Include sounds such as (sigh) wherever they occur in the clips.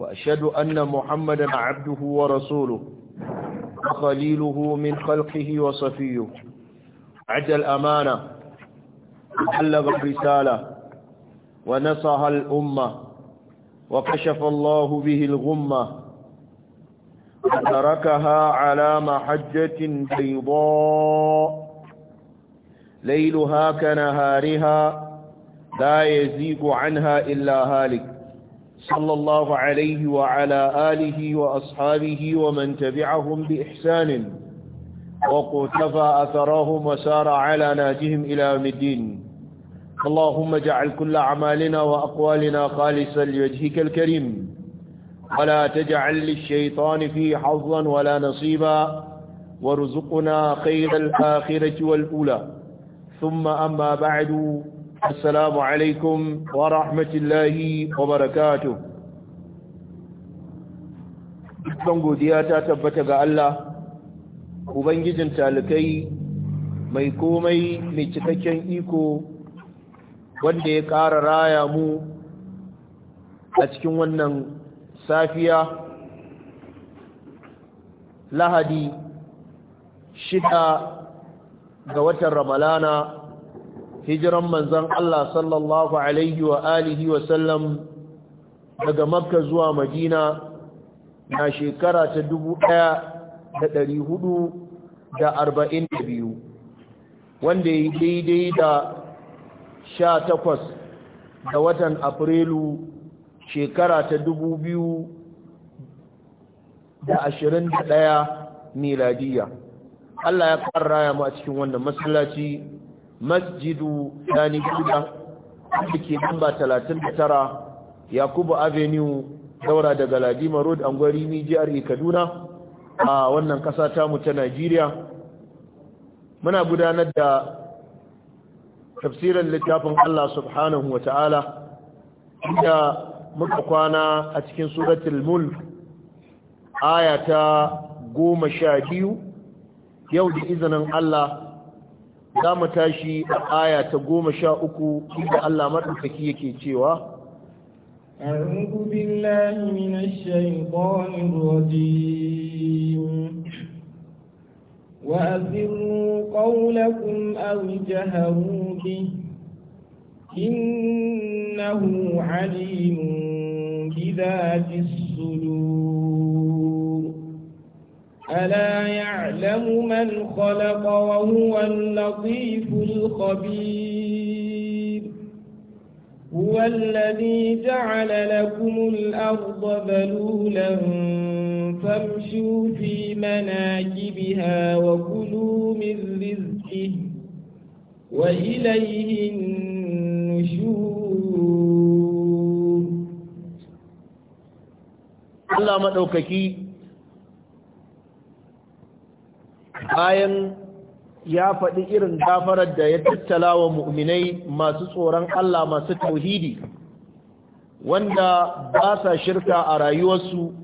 وأشهد أن محمدا عبده ورسوله وخليله من خلقه وصفيه عد الأمانة وحلغ الرسالة ونصها الأمة وكشف الله به الغمة وتركها على محجة بيضاء ليلها كنهارها لا يزيق عنها إلا هالك صلى الله عليه وعلى آله وأصحابه ومن تبعهم بإحسان وقتفى أثرهم وسار على ناجهم إلى مدين اللهم اجعل كل أعمالنا وأقوالنا خالصا لوجهك الكريم ولا تجعل للشيطان فيه حظا ولا نصيبا وارزقنا خير الآخرة والأولى ثم أما بعد السلام عليكم ورحمة الله وبركاته Dukkan godiya ta tabbata ga Allah, Ubangijin talikai mai komai mai cikakken iko wanda ya ƙara raya mu a cikin wannan safiya lahadi shida ga watan Ramalana hijiran manzon Allah sallallahu alaihi wa alihi wa sallam daga makka zuwa madina na shekara ta dubu ɗaya da ɗari da arba'in da biyu wanda ya daidai da sha takwas da watan afrilu shekara ta dubu biyu da ashirin da ɗaya miladiya Allah ya ƙarraya mu a cikin wannan masallaci masjidu dani guda da ke namba 39 yakubu avenue daura daga ladima road angwari ni jihar kaduna a wannan kasa mu ta najeriya muna gudanar da tafsirin littafin allah subhanahu wa ta'ala inda muka kwana a cikin suratul mulk aya ta goma sha biyu yau da izinin allah za mu tashi a aya ta goma sha uku inda Allah matsakaki yake cewa أعوذ بالله من الشيطان الرجيم وأسروا قولكم أو جهروا به إنه عليم بذات ألا يعلم من خلق وهو اللطيف الخبير هو الذي جعل لكم الأرض ذلولا فامشوا في مناكبها وكلوا من رزقه وإليه النشور الله مدوككي bayan ya faɗi irin gafarar da ya tattala wa mu'minai masu tsoron Allah masu tauhidi wanda ba sa shirka a rayuwarsu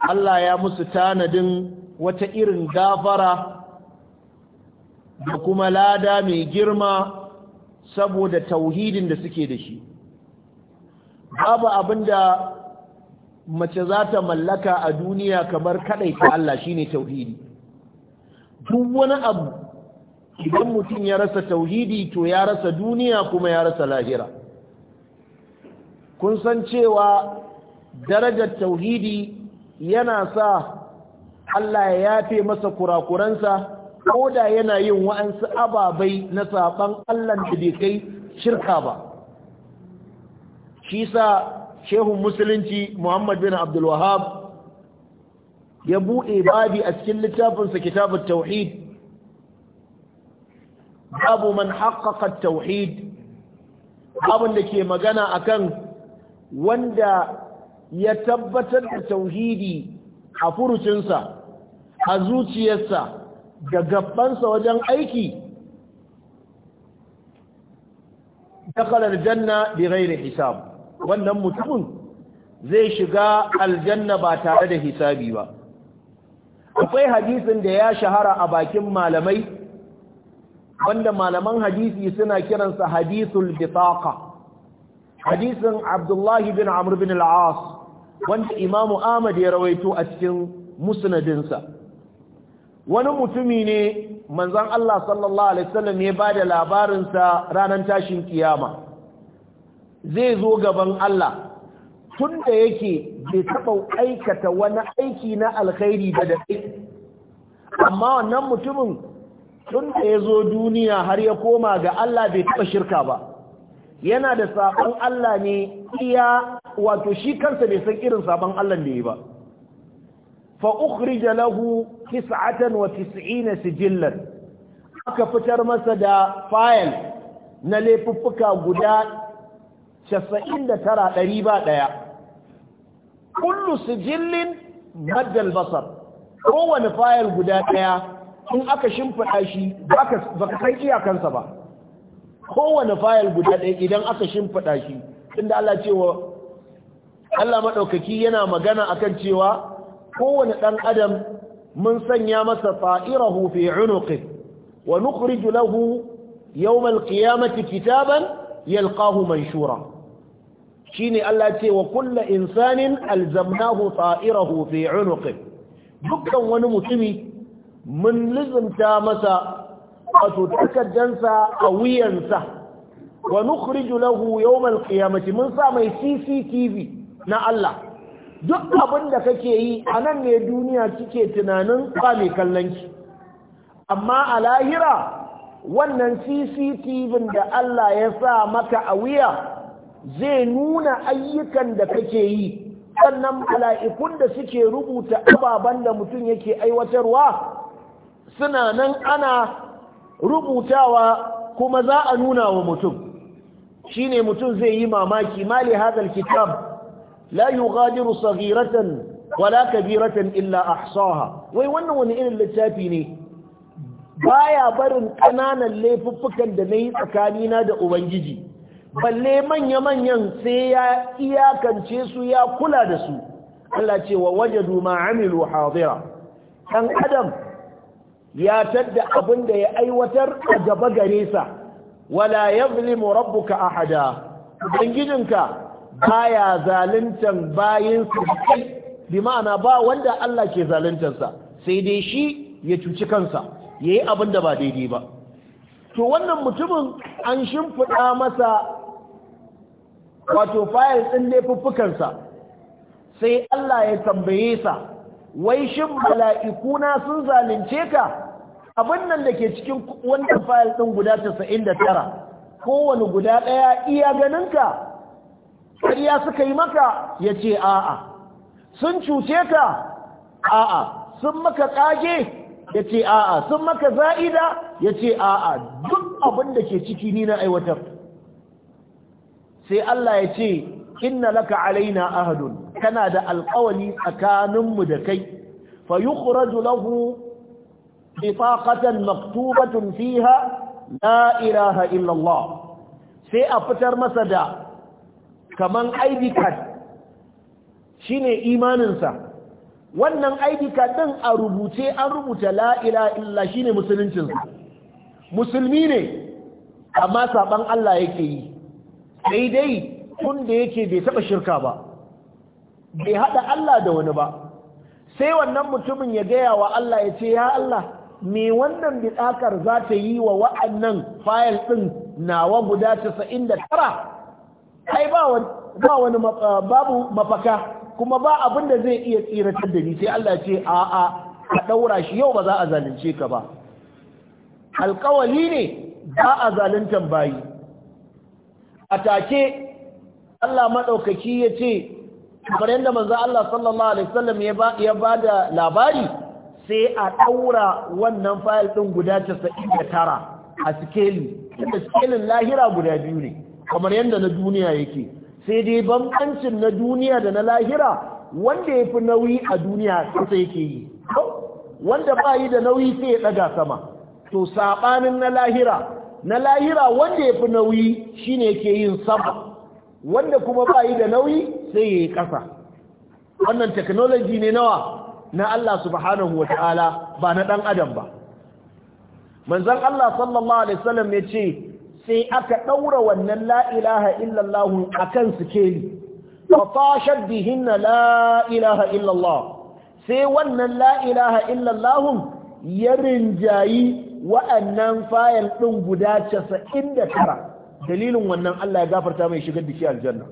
Allah ya musu tanadin wata irin gafara da kuma lada mai girma saboda tauhidin da suke da shi babu abin da mace za ta mallaka a duniya kamar kaɗai ta Allah shine tauhidi duk wani abu idan mutum ya rasa tauhidi to ya rasa duniya kuma ya rasa lahira kun san cewa darajar tauhidi yana sa Allah ya yafe masa kurakuransa ko da yana yin wa'ansu ababai na saban Allah da bai kai shirka ba shi sa shehun musulunci Muhammad bin Abdul Wahab ya buɗe babi a cikin littafinsa kitabun tauhid babu man haƙaƙa tauhid abin da ke magana akan wanda ya tabbatar da tauhidi a furucinsa a zuciyarsa da gabansa wajen aiki dakalar janna bi ghairi hisab wannan mutumin zai shiga aljanna ba tare da hisabi ba akwai hadisin da ya shahara a bakin malamai wanda malaman hadisi suna kiransa hadisul bitaqa hadisin abdullahi bin amr bin al aas wanda imamu ahmad ya rawaito a cikin musnadinsa wani mutumi ne manzon Allah sallallahu alaihi wasallam ya bada labarinsa ranan tashin kiyama zai zo gaban Allah tun da yake bai taɓa aikata wani aiki na alkhairi da daɗe amma wannan mutumin tun da ya zo duniya har ya koma ga Allah bai taɓa shirka ba yana da sabon Allah ne iya wato shi kansa bai san irin sabon Allah da yi ba fa da lahu 99 sijillan aka fitar masa da fayil na laifuffuka guda 99 ɗari ba ɗaya kullu sijillin maddal basar kowane fayil guda ɗaya in aka shimfiɗa shi ba ka san iyakansa ba kowane fayil guda ɗaya idan aka shimfiɗa shi inda Allah cewa Allah maɗaukaki yana magana akan cewa kowane ɗan adam mun sanya masa fa'irahu fi unuqi wa nukhriju lahu yawm al-qiyamati kitaban yalqahu manshura shine Allah ce wa kullu insanin alzamnahu ta'irahu fi 'unuqi dukkan wani mutumi mun lizumta masa wato takaddansa a wuyansa wa nukhriju lahu yawm alqiyamati mun sa mai CCTV na Allah duk abin da kake yi a nan ne duniya kike tunanin ba mai kallon ki amma a lahira wannan CCTV da Allah ya sa maka a wuya zai nuna ayyukan da kake yi sannan mala'ikun da suke rubuta ababen da mutum yake aiwatarwa suna nan ana rubutawa kuma za a nuna wa mutum shine mutum zai yi mamaki mali hadal kitab la yughadiru saghiratan wala kabiratan illa ahsaha wai wannan wani irin littafi ne baya barin ƙananan laifuffukan da nayi tsakanina da ubangiji balle manya-manyan sai ya iyakance su ya kula da su Allah ce wa wajadu ma amilu hadira dan adam ya tadda abin da ya aiwatar a gaba gare sa wala yazlimu rabbuka ahada ubangijinka baya zaluntan bayin su bi ma'ana ba wanda Allah ke sa sai dai shi ya cuci kansa yayi abin da ba daidai ba to wannan mutumin an shimfiɗa masa wato fayil ɗin laifuffukansa sai Allah ya tambaye sa wai shin mala'ikuna sun zalunce ka abin nan da ke cikin wannan fayil ɗin guda 99 kowane guda ɗaya iya ganin ganinka ƙarya suka yi maka ya ce a'a sun cuce ka a'a sun maka ƙage ya ce a'a sun maka za'ida ya ce a'a duk abin da ke ciki ni na aiwatar sai Allah ya ce inna laka alaina ahadun kana da alƙawali tsakaninmu da kai fa yukhraju lahu bitaqatan maktubatun fiha la ilaha illa Allah sai a fitar masa da kaman ID card shine imaninsa wannan ID card din a rubuce an rubuta la ilaha illa shine musuluncinsa musulmi ne amma saban Allah yake yi Daidai dai da yake bai taba shirka ba bai hada Allah da wani ba sai wannan mutumin ya gaya wa Allah ya ce ya Allah me wannan bidakar za ta yi wa wa'annan fayil din nawa guda 99 kai ba wani ba wani ah, babu mafaka kuma ba abin da zai iya tsiratar da ni sai Allah ce a a a daura shi yau ba za a zalunce ka ba alkawali ne ba a zaluntan bayi a take Allah maɗaukaki ya ce kamar yadda manzo Allah sallallahu alaihi wasallam ya ba da labari sai a ɗaura wannan fayil ɗin guda 99 a sikeli inda sikelin lahira guda biyu ne kamar yadda na duniya yake sai dai bambancin na duniya da na lahira wanda ya fi nauyi a duniya kasa yake yi wanda ba yi da nauyi sai ya ɗaga sama to saɓanin na lahira na lahira wanda ya fi nauyi shine yake yin sama wanda kuma ba yi da nauyi sai ya yi ƙasa wannan technology ne nawa na Allah subhanahu wa ta'ala ba na ɗan adam ba manzan Allah sallallahu alaihi wasallam ya ce sai aka ɗaura wannan la'ilaha illallah a kan sikeli wa fashar bihin na la'ilaha illallah sai wannan la'ilaha illallah ya rinjayi wa'annan fayil ɗin guda casa'in da tara dalilin wannan Allah ya gafarta mai shigar da shi aljanna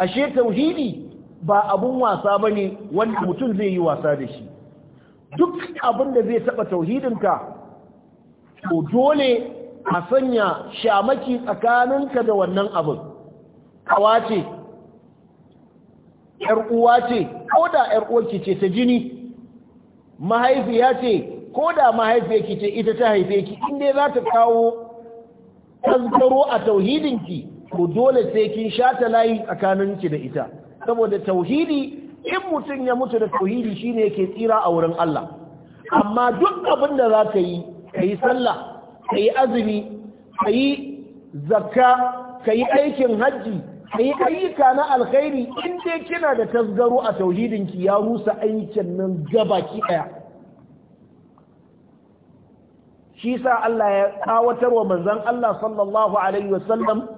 ashe tauhidi ba abun wasa ba ne wanda mutum zai yi wasa da shi duk abin da zai taɓa tauhidinka to dole a sanya shamaki tsakaninka da wannan abin kawa ce uwa ce ko da uwarki ce ta jini mahaifiya ce ko da mahaifiyarki ce ita ta haife ki in dai za ta kawo tazkaro a tauhidinki to dole sai kin shata layi tsakanin ki da ita saboda tauhidi in mutum ya mutu da tauhidi shine yake tsira a wurin Allah amma duk abin da za ka yi ka yi sallah ka yi azumi ka yi zakka ka yi aikin hajji ka yi ayyuka na alkhairi in dai kina da tasgaro a tauhidinki ya rusa aikin nan gabaki ɗaya shi sa Allah ya tsawatar wa manzan Allah sallallahu alaihi wasallam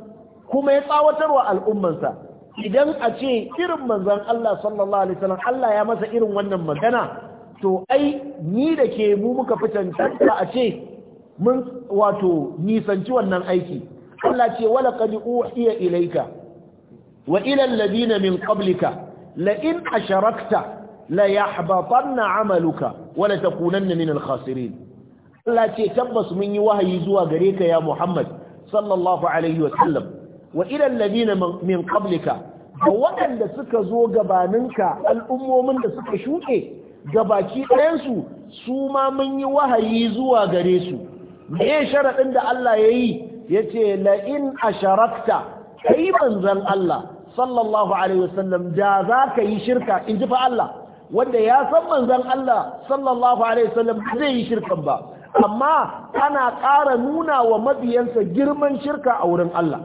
kuma ya tsawatar wa al'ummansa idan a ce irin manzan Allah sallallahu alaihi wasallam Allah ya masa irin wannan magana to ai ni da ke mu muka fi cancanta a ce mun wato nisanci wannan aiki Allah ce wala qad uhiya ilayka wa ila alladhina min qablika la in asharakta la yahbatanna amaluka wa la takunanna min al-khasirin Allah ce tabbas mun yi wahayi zuwa gare ka ya Muhammad sallallahu alaihi wasallam wa ila alladhina min qablika da waɗanda suka zo gabaninka al'ummomin da suka shuɗe baki ɗayansu su ma mun yi wahayi zuwa gare su me sharaɗin da Allah ya yi ya ce la'in a kai manzan Allah sallallahu alaihi wasallam da za ka yi shirka in ji fa Allah wanda ya san manzan Allah sallallahu alaihi wasallam zai yi shirkan ba amma ana ƙara nuna wa mabiyansa girman shirka a wurin Allah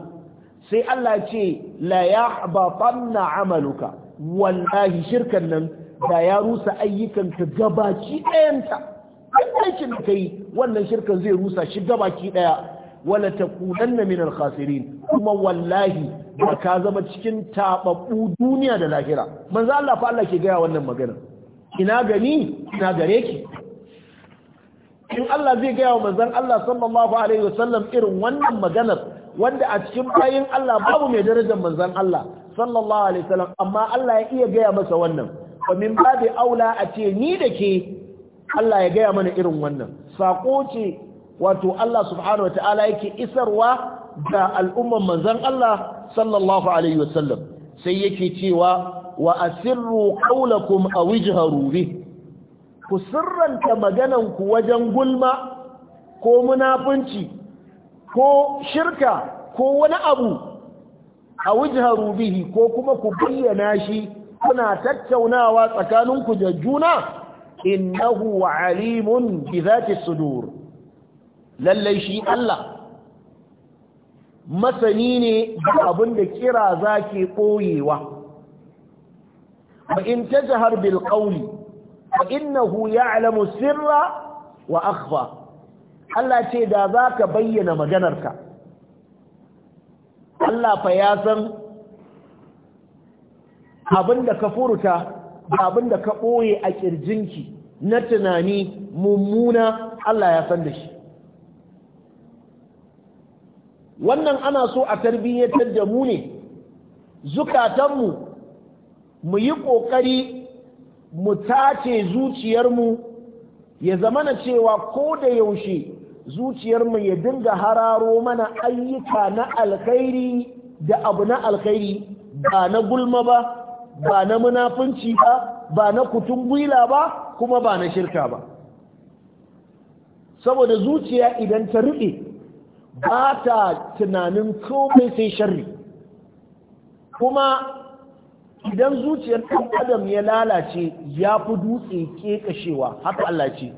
sai Allah ce la yahbatanna amaluka wallahi shirkan nan da ya rusa ayyukanka gabaki ɗayanta aikin da kai wannan shirkan zai rusa shi gabaki ɗaya wala takunanna min al-khasirin kuma wallahi ba ka zama cikin taɓaɓɓu duniya da lahira manzo Allah fa Allah ke gaya wannan magana ina gani ina gare ki in Allah zai gaya wa Manzan Allah sallallahu alaihi wasallam irin wannan maganar wanda a cikin bayin Allah babu mai darajar manzon Allah sallallahu alaihi wasallam amma Allah ya iya gaya masa wannan wa min babi aula a ce ni da ke Allah ya gaya mana irin wannan sako ce wato Allah subhanahu ta'ala yake isarwa ga al'umman Manzan Allah sallallahu alaihi wasallam sai yake cewa wa asirru qawlakum aw ijharu bihi ku sirranta magananku wajen gulma ko munafunci ko shirka ko wani abu a wujharu bihi ko kuma ku bayyana shi kuna tattaunawa tsakaninku da juna innahu alimun bi zati sudur lallai shi Allah masani ne da abin da kira zake koyewa wa in tajhar bil qawli fa innahu ya'lamu sirra wa akhfa Allah ce da zaka bayyana maganarka Allah fa ya san abinda ka furta abinda ka boye a kirjinki na tunani mummuna Allah ya san da shi wannan ana so a tarbiyyatar da mu ne zukatanmu mu yi ƙoƙari mu tace zuciyarmu ya zama na cewa ko da yaushe zuciyarmu ya dinga hararo mana ayyuka na alkhairi da abu na alkhairi ba na gulma ba ba na munafunci ba ba na kutun gwila ba kuma ba na shirka ba saboda zuciya idan ta ruɗe ba ta tunanin komai sai sharri kuma idan zuciyar ɗan adam ya lalace ya fi dutse ƙeƙashewa haka Allah ce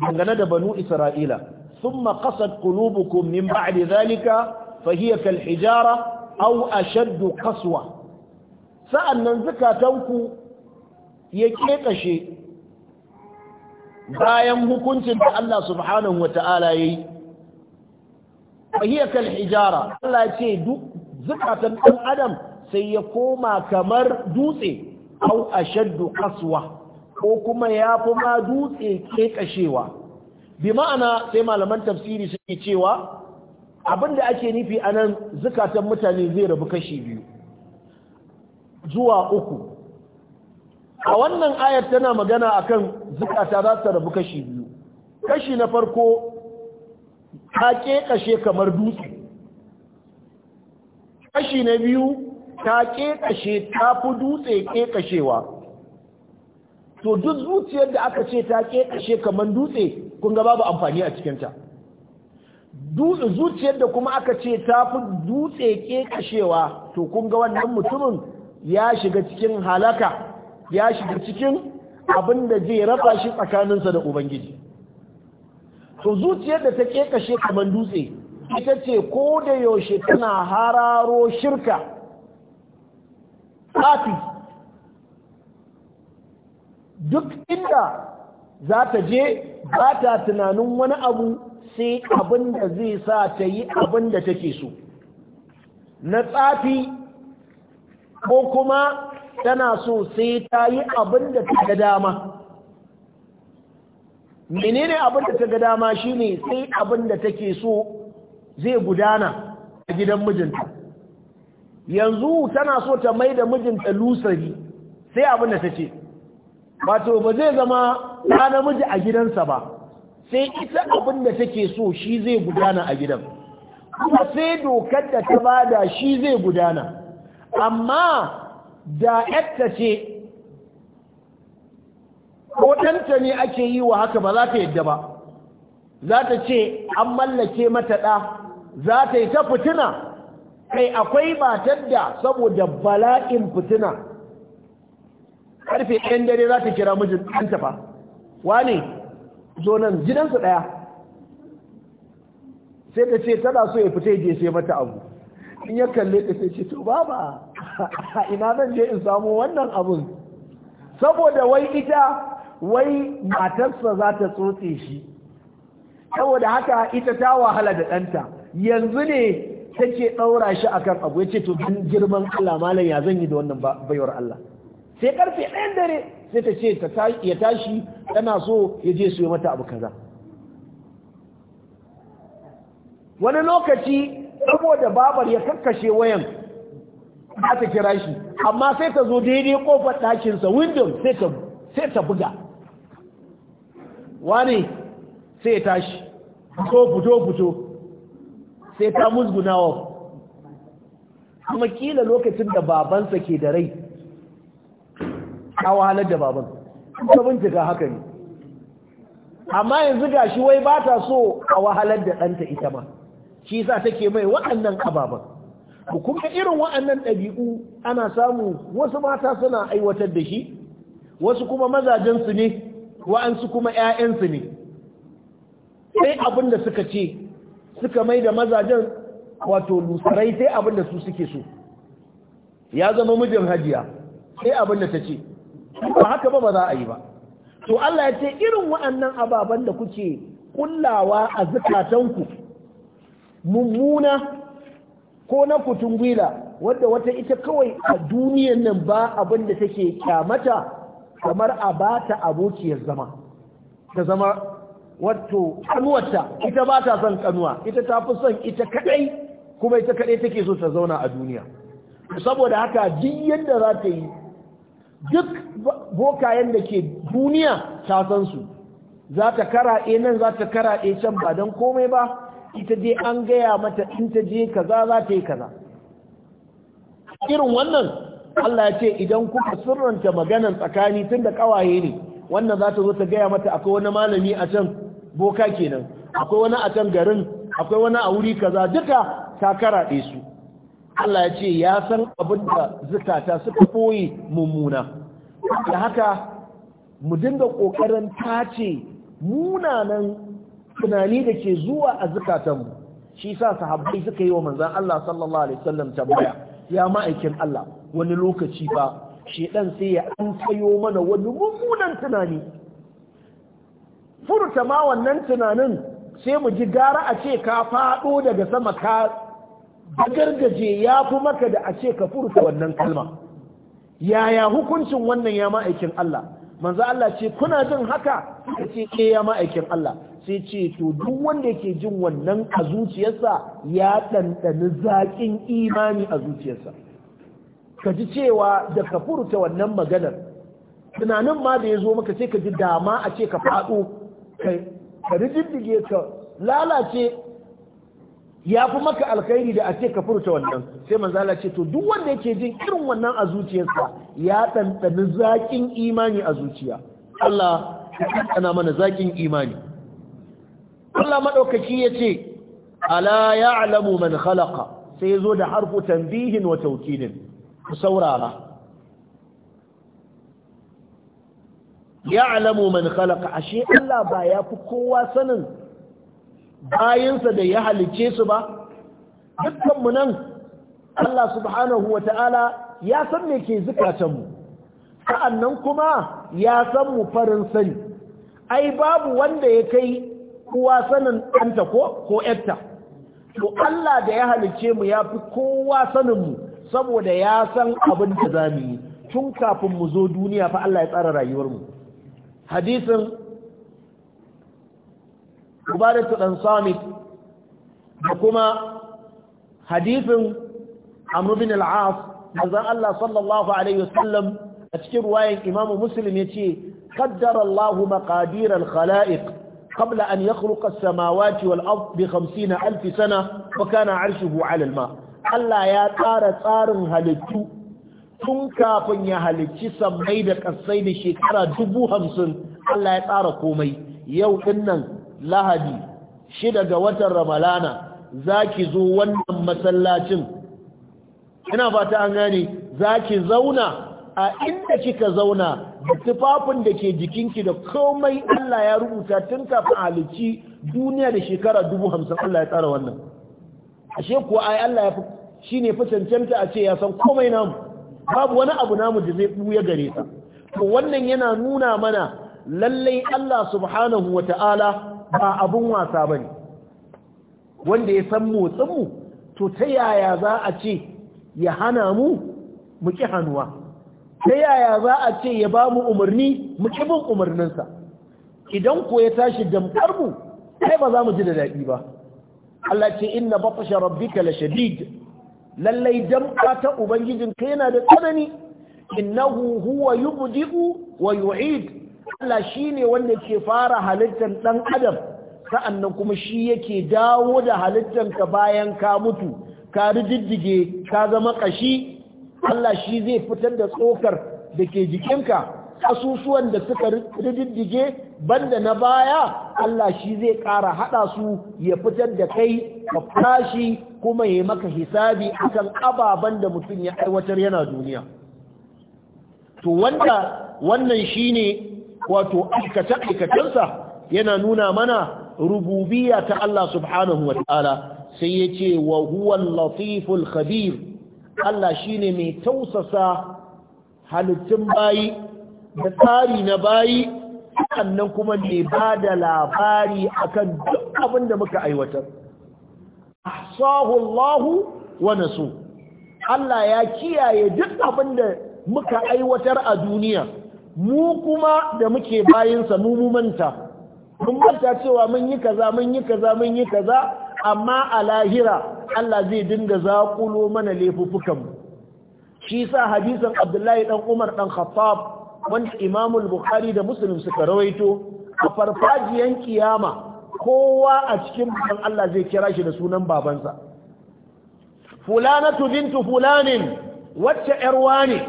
dangane da banu isra'ila sun qasat qulubukum min ba'di zalika fa hiya kal hijara aw ashadd qaswa sa'annan zakatanku ya ƙeƙashe bayan hukuncin da Allah subhanahu wata'ala yayi fa hiya kal hijara Allah ce duk zukatan ɗan adam sai ya koma kamar dutse au ashaddu qaswa ko kuma ya fi ma dutse kashewa. bi ma'ana sai malaman tafsiri suke cewa abinda ake nufi a nan zukatan mutane zai rabu kashi biyu zuwa uku a wannan ayar tana magana akan zukata za ta rabu kashi biyu kashi na farko ta kashe kamar dutse kashi na biyu ta ƙeƙashe ta fi dutse ƙeƙashewa to duk zuciyar da aka ce ta ƙeƙashe kamar dutse kun ga babu amfani a cikinta zuciyar da kuma aka ce ta fi dutse ƙeƙashewa to kun ga wannan mutumin ya shiga cikin halaka ya shiga cikin abin da zai raba shi tsakaninsa da ubangiji to zuciyar da ta ƙeƙashe kamar dutse ita ce ko da yaushe tana hararo shirka kafi duk inda za ta je ba ta tunanin wani abu sai abin da zai sa ta yi abin da take so na tsafi ko kuma tana so sai ta yi abin da ta ga dama menene abin da ta ga dama shine sai abin da take so zai gudana a gidan mijinta yanzu tana so ta mai da mijinta lusari sai abin da ta ce Ba wato ba zai zama ɗa namiji a gidansa ba sai ita abin da take so shi zai gudana a gidan kuma sai dokar da ta bada shi zai gudana amma da yadda ce ko ɗanta ne ake yi wa haka ba za ta yadda ba za ta ce an mallake mata ɗa za ta yi ta fituna kai akwai matar da saboda bala'in fitina karfe ɗayan dare za ta kira mijin ɗanta wa ne zo nan gidansu ɗaya sai ta ce tana so ya fita je sai mata abu in ya kalle ta sai ce to baba (laughs) ina zan je in samu wannan abun saboda wai ita wai matarsa za ta tsotse shi saboda haka ita ta wahala da ɗanta yanzu ne take ɗaura shi akan abu ya ce to dan girman Allah malam ya zan yi da wannan baiwar Allah sai karfe ɗayan dare sai ta ce ya tashi tana so ya je su yi mata abu kaza wani lokaci saboda babar ya kakkashe wayan ba ta kira shi amma sai ta zo daidai kofar ɗakinsa window sai ta buga wani sai ya tashi fito fito fito sai ta musgunawa kuma kila lokacin da babansa ke da rai a wahalar da baban kuma bincika haka ne amma yanzu ga shi wai ba ta so a wahalar da ɗanta ita ma shi sa take mai waɗannan ababen kuma irin waɗannan ɗabi'u ana samu wasu mata suna aiwatar da shi wasu kuma mazajensu ne wa'ansu kuma 'ya'yansu ne sai abin da suka ce suka mai da mazajen wato lusarai sai abin su suke so ya zama mijin hajiya sai abin ta ce ba haka ba ba za a yi ba to Allah ya ce irin wa'annan ababen da kuke kullawa a zukatanku mummuna ko na kutun gwila wadda wata ita kawai a duniyan nan ba abin take kyamata kamar a ba ta abokiyar zama ta zama wato kanuwarta ita ba ta son kanuwa ita ta fi son ita kadai kuma ita kadai take so ta zauna a duniya saboda haka duk yadda za ta yi duk bokayen da ke duniya ta san su za ta karaɗe nan za ta karaɗe can ba don komai ba ita dai an gaya mata in ta je kaza za ta yi kaza irin wannan Allah ya ce idan kuka sirranta maganan tsakani tun da kawaye ne wannan za ta zo ta gaya mata akwai wani malami a can boka kenan akwai wani a can garin akwai wani a wuri kaza duka ta karaɗe su Allah ya ce ya san abin da zukata suka koyi mummuna da haka mu dinga ƙoƙarin tace munanan tunani da ke zuwa a zukatanmu shi sa sahabbai suka yi wa manzan Allah sallallahu alaihi wasallam tambaya ya ma'aikin Allah wani lokaci ba shedan sai ya an tayo mana wani mummunan tunani furta ma wannan tunanin sai mu ji gara a ce ka faɗo daga sama ka gargaje ya fi maka da a ce ka furta wannan kalma yaya hukuncin wannan ya ma'aikin Allah manzo Allah ce kuna jin haka Ka ce ke eh, ya ma'aikin Allah sai ce to duk wanda yake jin wannan a zuciyarsa ya ɗanɗani zaƙin imani a zuciyarsa ka ji cewa da ka furta wannan maganar tunanin ma da ya zo maka sai ka ji dama a ce ka faɗo ka rijiddige ka lalace ya fi maka alkhairi da a ce ka furta wannan sai manzo Allah to duk wanda yake jin irin wannan a zuciyarsa ya ɗanɗani zaƙin imani a zuciya Allah ya mana zaƙin imani Allah madaukaki ya ce ala ya'lamu man khalaqa sai yazo da harfu tanbihin wa tawkidin ku saurara Ya ya'lamu man khalaqa ashe Allah ba ya fi kowa sanin bayansa da ya halice su ba dukkan nan Allah subhanahu ta'ala ya san me ke zukatan mu sa'annan kuma ya san mu farin sani ai babu wanda ya kai kowa sanin ɗanta ko ko to Allah da ya halice mu ya fi kowa sanin mu saboda ya san abin da zamu yi tun kafin mu zo duniya fa Allah ya tsara rayuwar mu hadisin ubadatu dan samit da kuma hadisin amr bin al-as manzon Allah sallallahu alaihi wasallam a cikin ruwayan imam muslim yace qaddara Allah maqadir al-khalaiq قبل أن يخلق السماوات والأرض بخمسين ألف سنة وكان عرشه على الماء Allah ya tsara tsarin halittu tun kafin ya halicci sammai da ƙasai da shekara dubu hamsin Allah ya tsara komai yau dinnan lahadi shida ga watan ramalana za ki zo wannan masallacin ina fata an gane za ki zauna a inda kika zauna da tufafin da ke jikinki da komai Allah ya rubuta tun kafin halicci duniya da shekara dubu hamsin Allah ya tsara wannan ashe kuwa ai Allah ya fi shi ne fi cancanta a ce ya san komai namu babu wani abu namu da zai buya gare sa to wannan yana nuna mana lallai Allah subhanahu wata'ala ba abun wasa bane wanda ya san motsin mu to ta yaya za a ce ya hana mu mu ki hannuwa ta yaya za a ce ya ba mu umarni mu ki bin umarninsa idan ko ya tashi damkar mu kai ba za mu ji da daɗi ba Allah ce inna batsha rabbika lashadid lallai jam'a ta ubangijin ka yana da tsanani innahu huwa yubdi'u wa yu'id Allah shine wanda ke fara halittar dan adam sa'annan kuma shi yake dawo da halittar ka bayan ka mutu ka riddige ka zama kashi Allah shi zai fitar da tsokar da ke jikinka asusuwan da suka riddige banda na baya Allah shi zai ƙara haɗa su ya fitar da kai ka fashi kuma ya maka hisabi akan ababen da mutum ya aiwatar yana duniya to wanda wannan ne wato aikace aikacensa yana nuna mana rububiya ta Allah subhanahu wataala sai yace wa huwan latiful khabir Allah shine mai tausasa halittun bayi da tsari na bayi sannan kuma mai ba da labari akan duk abin da muka aiwatar Sahullahu wa nasu Allah ya kiyaye duk abin da muka aiwatar a duniya mu kuma da muke bayansa mu mun manta cewa mun yi kaza mun yi kaza mun yi kaza amma a lahira Allah zai dinga zaƙulo mana laifuffukanmu shi sa hadisin Abdullahi ɗan Umar dan Khattab wanda imamul bukhari da muslim suka rawaito a farfajiyan kiyama kowa a cikin ban Allah zai kira shi da sunan babansa fulanatu bintu fulanin wacce yarwa ne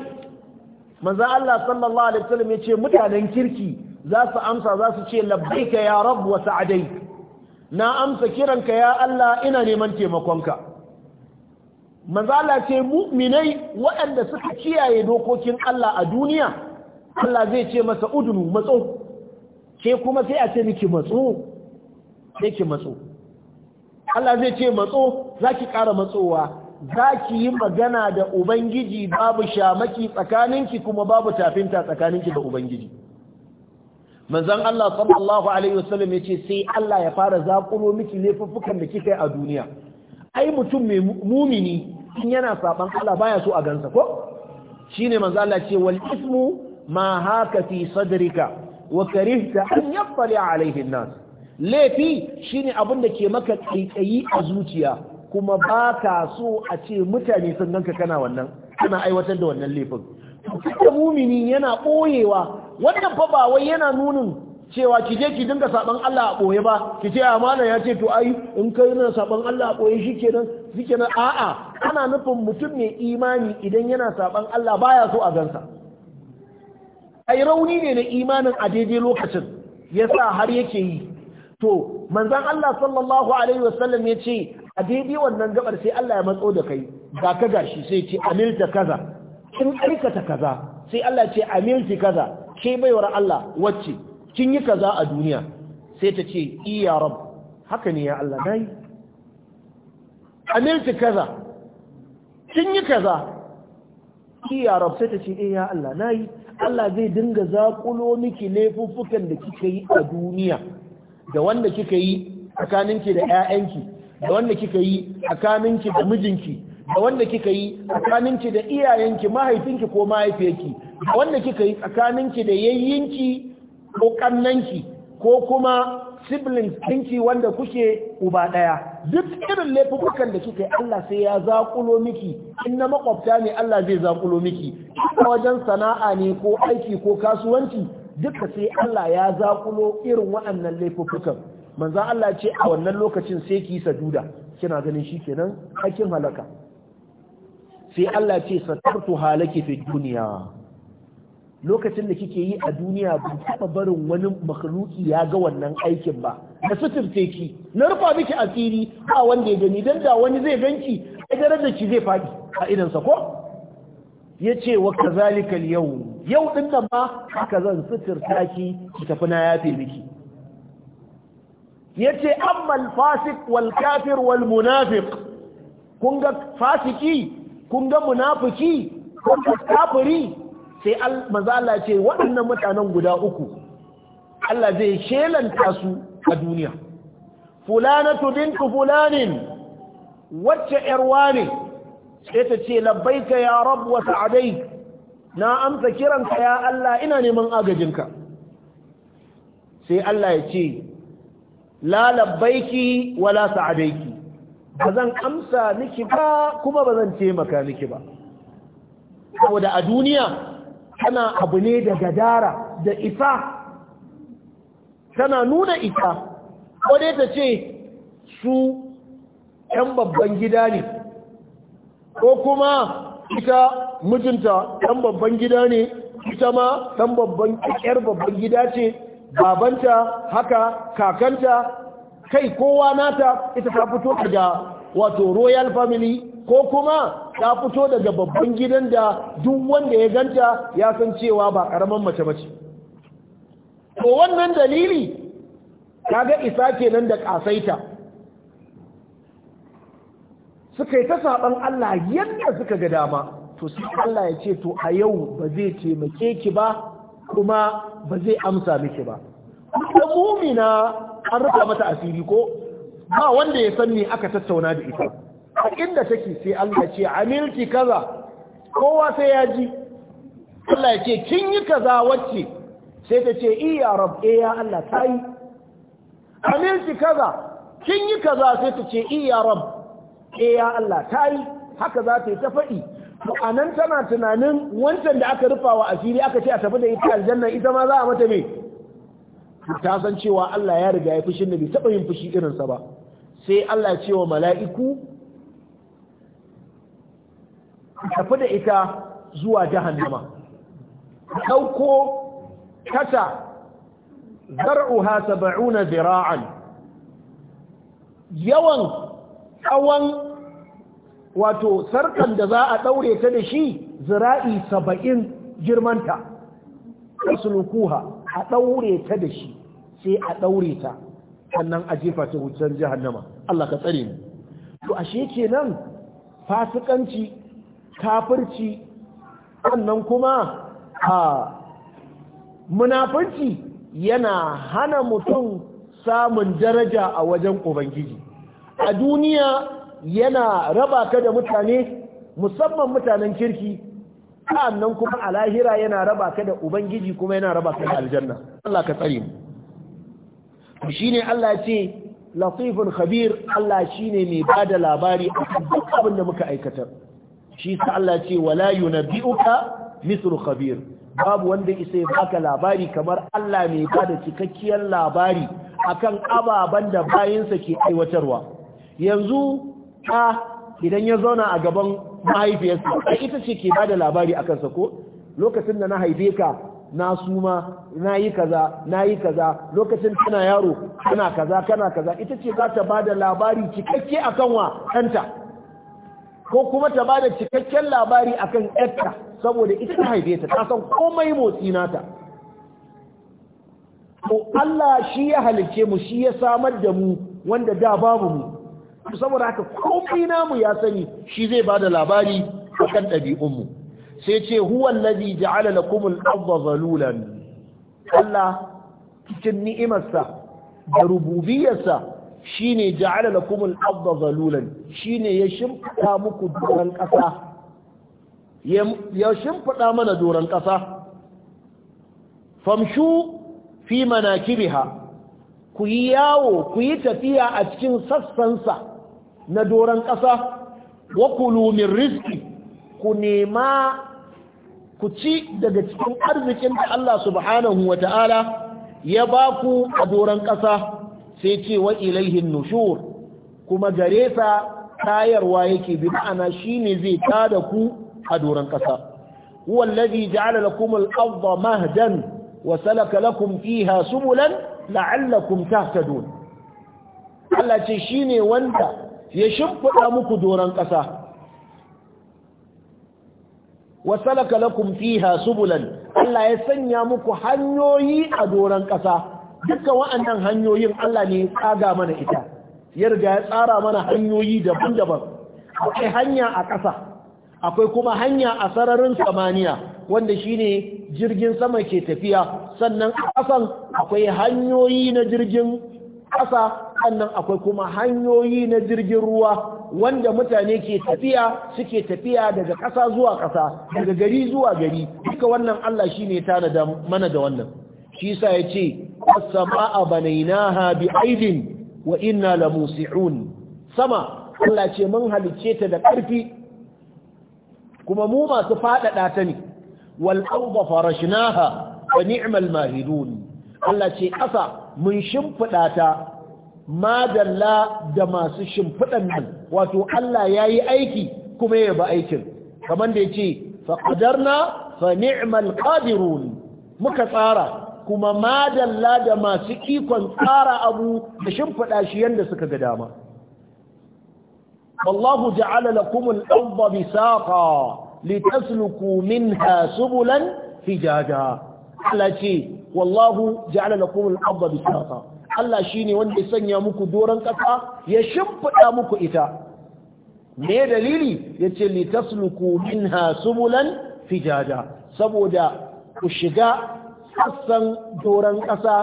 manzan Allah sallallahu alaihi wasallam ya ce mutanen kirki za su amsa za su ce labbaika ya rabb wa sa'adai na amsa kiranka ya Allah ina neman taimakonka manzan Allah ce mu'minai waɗanda suka kiyaye dokokin Allah a duniya Allah zai ce masa udunu matso ke kuma sai a ce miki matso sai ki matso Allah zai ce matso zaki ƙara matsowa zaki yi magana da ubangiji babu shamaki tsakaninki kuma babu tafinta tsakaninki da ubangiji manzon Allah sallallahu alaihi wasallam yace sai Allah ya fara zakuro miki laifukan da kika yi a duniya ai mutum mai mumini in yana saban Allah baya so a gansa ko shine manzo Allah ce wal ismu ma haka fi sadrika wa karihta an yattali alaihi nas laifi shine abin da ke maka kaikayi a zuciya kuma ba ka so a ce mutane sun ganka kana wannan kana aiwatar da wannan laifin kuma mumini yana boyewa wannan fa ba wai yana nunin cewa ki je ki dinga saban Allah a boye ba ki ce amana ya ce to ai in kai na saban Allah a boye shikenan shikenan a'a ana nufin mutum mai imani idan yana saban Allah baya so a gansa ai rauni ne na imanin a daidai lokacin yasa har yake yi to manzan Allah sallallahu alaihi wasallam ya ce a daidai wannan gabar sai Allah ya matso da kai ga ka gashi sai ce amilta kaza kin aikata kaza sai Allah ce amilti kaza ke baiwar Allah wacce kin yi kaza a duniya sai ta ce iya rab haka ne ya Allah yi. amilti kaza kin yi kaza iya rab sai ta ce eh ya Allah nayi Allah zai dinga zaƙulo miki laifuffukan da kika yi a duniya da wanda kika yi tsakaninki da 'ya'yanki da wanda kika yi tsakaninki da mijinki da wanda kika yi tsakaninki da iyayenki mahaifinki ko mahaifiyarki da wanda kika yi tsakaninki da yayyinki ko kannanki ko kuma siblings ɗinki wanda kuke uba ɗaya duk irin laifukan da kika yi Allah sai ya zakulo miki in na makwabta ne Allah zai zakulo miki a wajen sana'a ne ko aiki ko kasuwanci duka sai Allah ya zakulo irin waɗannan laifukan manzo Allah ce a wannan lokacin sai ki saduda kina ganin shi kenan hakin halaka sai Allah ce satartu halaki fi duniya lokacin da kike yi a duniya ban taɓa barin wani makhluki ya ga wannan aikin ba na suturce ki na rufa miki asiri ba wanda ya gani dan da wani zai ganki a ai da ki zai faɗi a idansa ko yace wa kazalikal yau yau din nan ma haka zan suturta ki ki tafi na yafe miki yace amma al-fasiq wal kafir wal munafiq kun ga fasiki kun ga munafiki kun ga kafiri sai manzo ce waɗannan mutanen guda uku Allah zai shelanta su a duniya fulanatu bintu fulanin wacce yarwa ne sai ta ce labbaika ya rabb wa sa'adai na amsa kiranka ya Allah ina neman agajinka sai Allah ya ce la labbaiki wala sa'adaiki ba zan amsa miki ba kuma ba zan taimaka miki ba saboda a duniya tana abu ne da gadara da isa tana nuna isa ko dai ta ce su 'yan babban gida ne ko kuma ita mijinta 'yan babban gida ne ita ma ɗan babban ƙyar babban gida ce babanta haka kakanta kai kowa nata ita ta fito daga wato royal family ko kuma ta fito daga babban gidan da duk wanda ya ganta ya san cewa ba karaman mace bace to wannan dalili kaga isa kenan da kasaita suka yi ta saban Allah yadda suka ga dama to sai Allah ya ce to a yau ba zai taimake ki ba kuma ba zai amsa miki ba kuma mumina an rufa mata asiri ko ba wanda ya san me aka tattauna da ita a inda take sai Allah ce amilki kaza kowa sai ya ji Allah ya ce kin yi kaza wacce sai ta ce iya eh, rab eh ya Allah ta yi kaza kin yi kaza sai ta ce iya eh, rab eh ya Allah ta yi haka za ta yi ta faɗi to anan tana tunanin wancan da aka rufa wa asiri aka ce a tafi da ita aljanna ita ma za a mata me ta san cewa Allah ya riga ya fushin da bai taɓa yin fushi irinsa ba sai Allah ya ce wa mala'iku tafi da ita zuwa jahannama ɗauko kasa zar'uha saba'una zira'an yawan tsawon wato sarkan da za a ɗaure ta da shi zira'i saba'in girmanta sulukuha. a ɗaure ta da shi sai a ɗaure ta sannan a jefa ta wucin jahannama Allah ka tsare ne. to ashe kenan fasikanci kafirci sannan kuma a munafirci yana hana mutum samun daraja a wajen ubangiji a duniya yana raba ka da mutane musamman mutanen kirki sannan kuma a lahira yana raba ka da ubangiji kuma yana raba ka da aljanna Allah ka tsare mu shine Allah ya ce latifun khabir Allah shine mai bada labari a duk abin da muka aikata shi sa Allah ce wala yunabbi'uka mithlu khabir babu wanda isa ya baka labari kamar Allah mai bada cikakkiyar labari akan ababan da bayansa ke aiwatarwa yanzu ta idan ya zauna a gaban mahaifiyarsa sai ita ce ke bada labari akan sa ko lokacin da na haife ka na suma na yi kaza na yi kaza lokacin kana yaro kana kaza kana kaza ita ce za ta bada labari cikakke akan wa kanta ko kuma ta bada cikakken labari akan yarta saboda ita ta haife ta ta san komai motsi nata to Allah shi ya halice mu shi ya samar da mu wanda da babu mu saboda haka komai namu ya sani shi zai bada labari akan ɗabi'un mu sai ce huwa allazi ja'ala lakum al-ardha zalulan Allah cikin ni'imarsa da rububiyarsa shine ja'ala lakum al-ardha zalulan shine ya shimfida muku doran ƙasa. ya shimfida mana doran ƙasa. famshu fi kibiha. ku yi yawo ku yi tafiya a cikin sassansa na doran ƙasa. wa kulu min ku nema ku ci daga cikin arzikin da Allah subhanahu wata'ala ya baku a doran ƙasa. sai ce wa ilaihin nushur kuma gare sa tayarwa yake bi ma'ana shine zai tada ku a doron kasa huwa ja'ala lakum al-ardha mahdan wa salaka lakum fiha subulan la'allakum tahtadun Allah ce shine wanda ya shimfida muku doron ƙasa. wa salaka lakum fiha subulan Allah ya sanya muku hanyoyi a doron ƙasa. duka wa'annan hanyoyin Allah ne tsaga mana ita ya riga ya tsara mana hanyoyi daban-daban akwai hanya a ƙasa akwai kuma hanya a sararin samaniya wanda shine jirgin sama ke tafiya sannan a ƙasan akwai hanyoyi na jirgin ƙasa sannan akwai kuma hanyoyi na jirgin ruwa wanda mutane ke tafiya suke tafiya daga ƙasa zuwa ƙasa daga gari zuwa gari duka wannan Allah shine tanada mana da wannan shi yasa yace wasama'a banainaha banaynaha bi'aidin wa inna lamusi'un sama Allah ce mun halice ta da ƙarfi kuma mu masu faɗaɗa ta ne wal arda farashnaha wa ni'mal mahidun Allah ce ƙasa mun shimfiɗa ta madalla da masu shimfiɗan nan wato Allah yayi aiki kuma ya ba aikin kamar da yace faqadarna fa ni'mal qadirun muka tsara kuma madalla da masu ikon tsara abu da shimfiɗa shi yadda suka ga dama wallahu ja'ala lakum al-ardha bisaqa litasluku minha subulan fijaja Allah ce wallahu ja'ala lakum al-ardha saƙa. Allah shine wanda ya sanya muku doron ƙasa ya shimfiɗa muku ita me dalili yace litasluku minha hasubulan fijada saboda ku shiga sassan doron ƙasa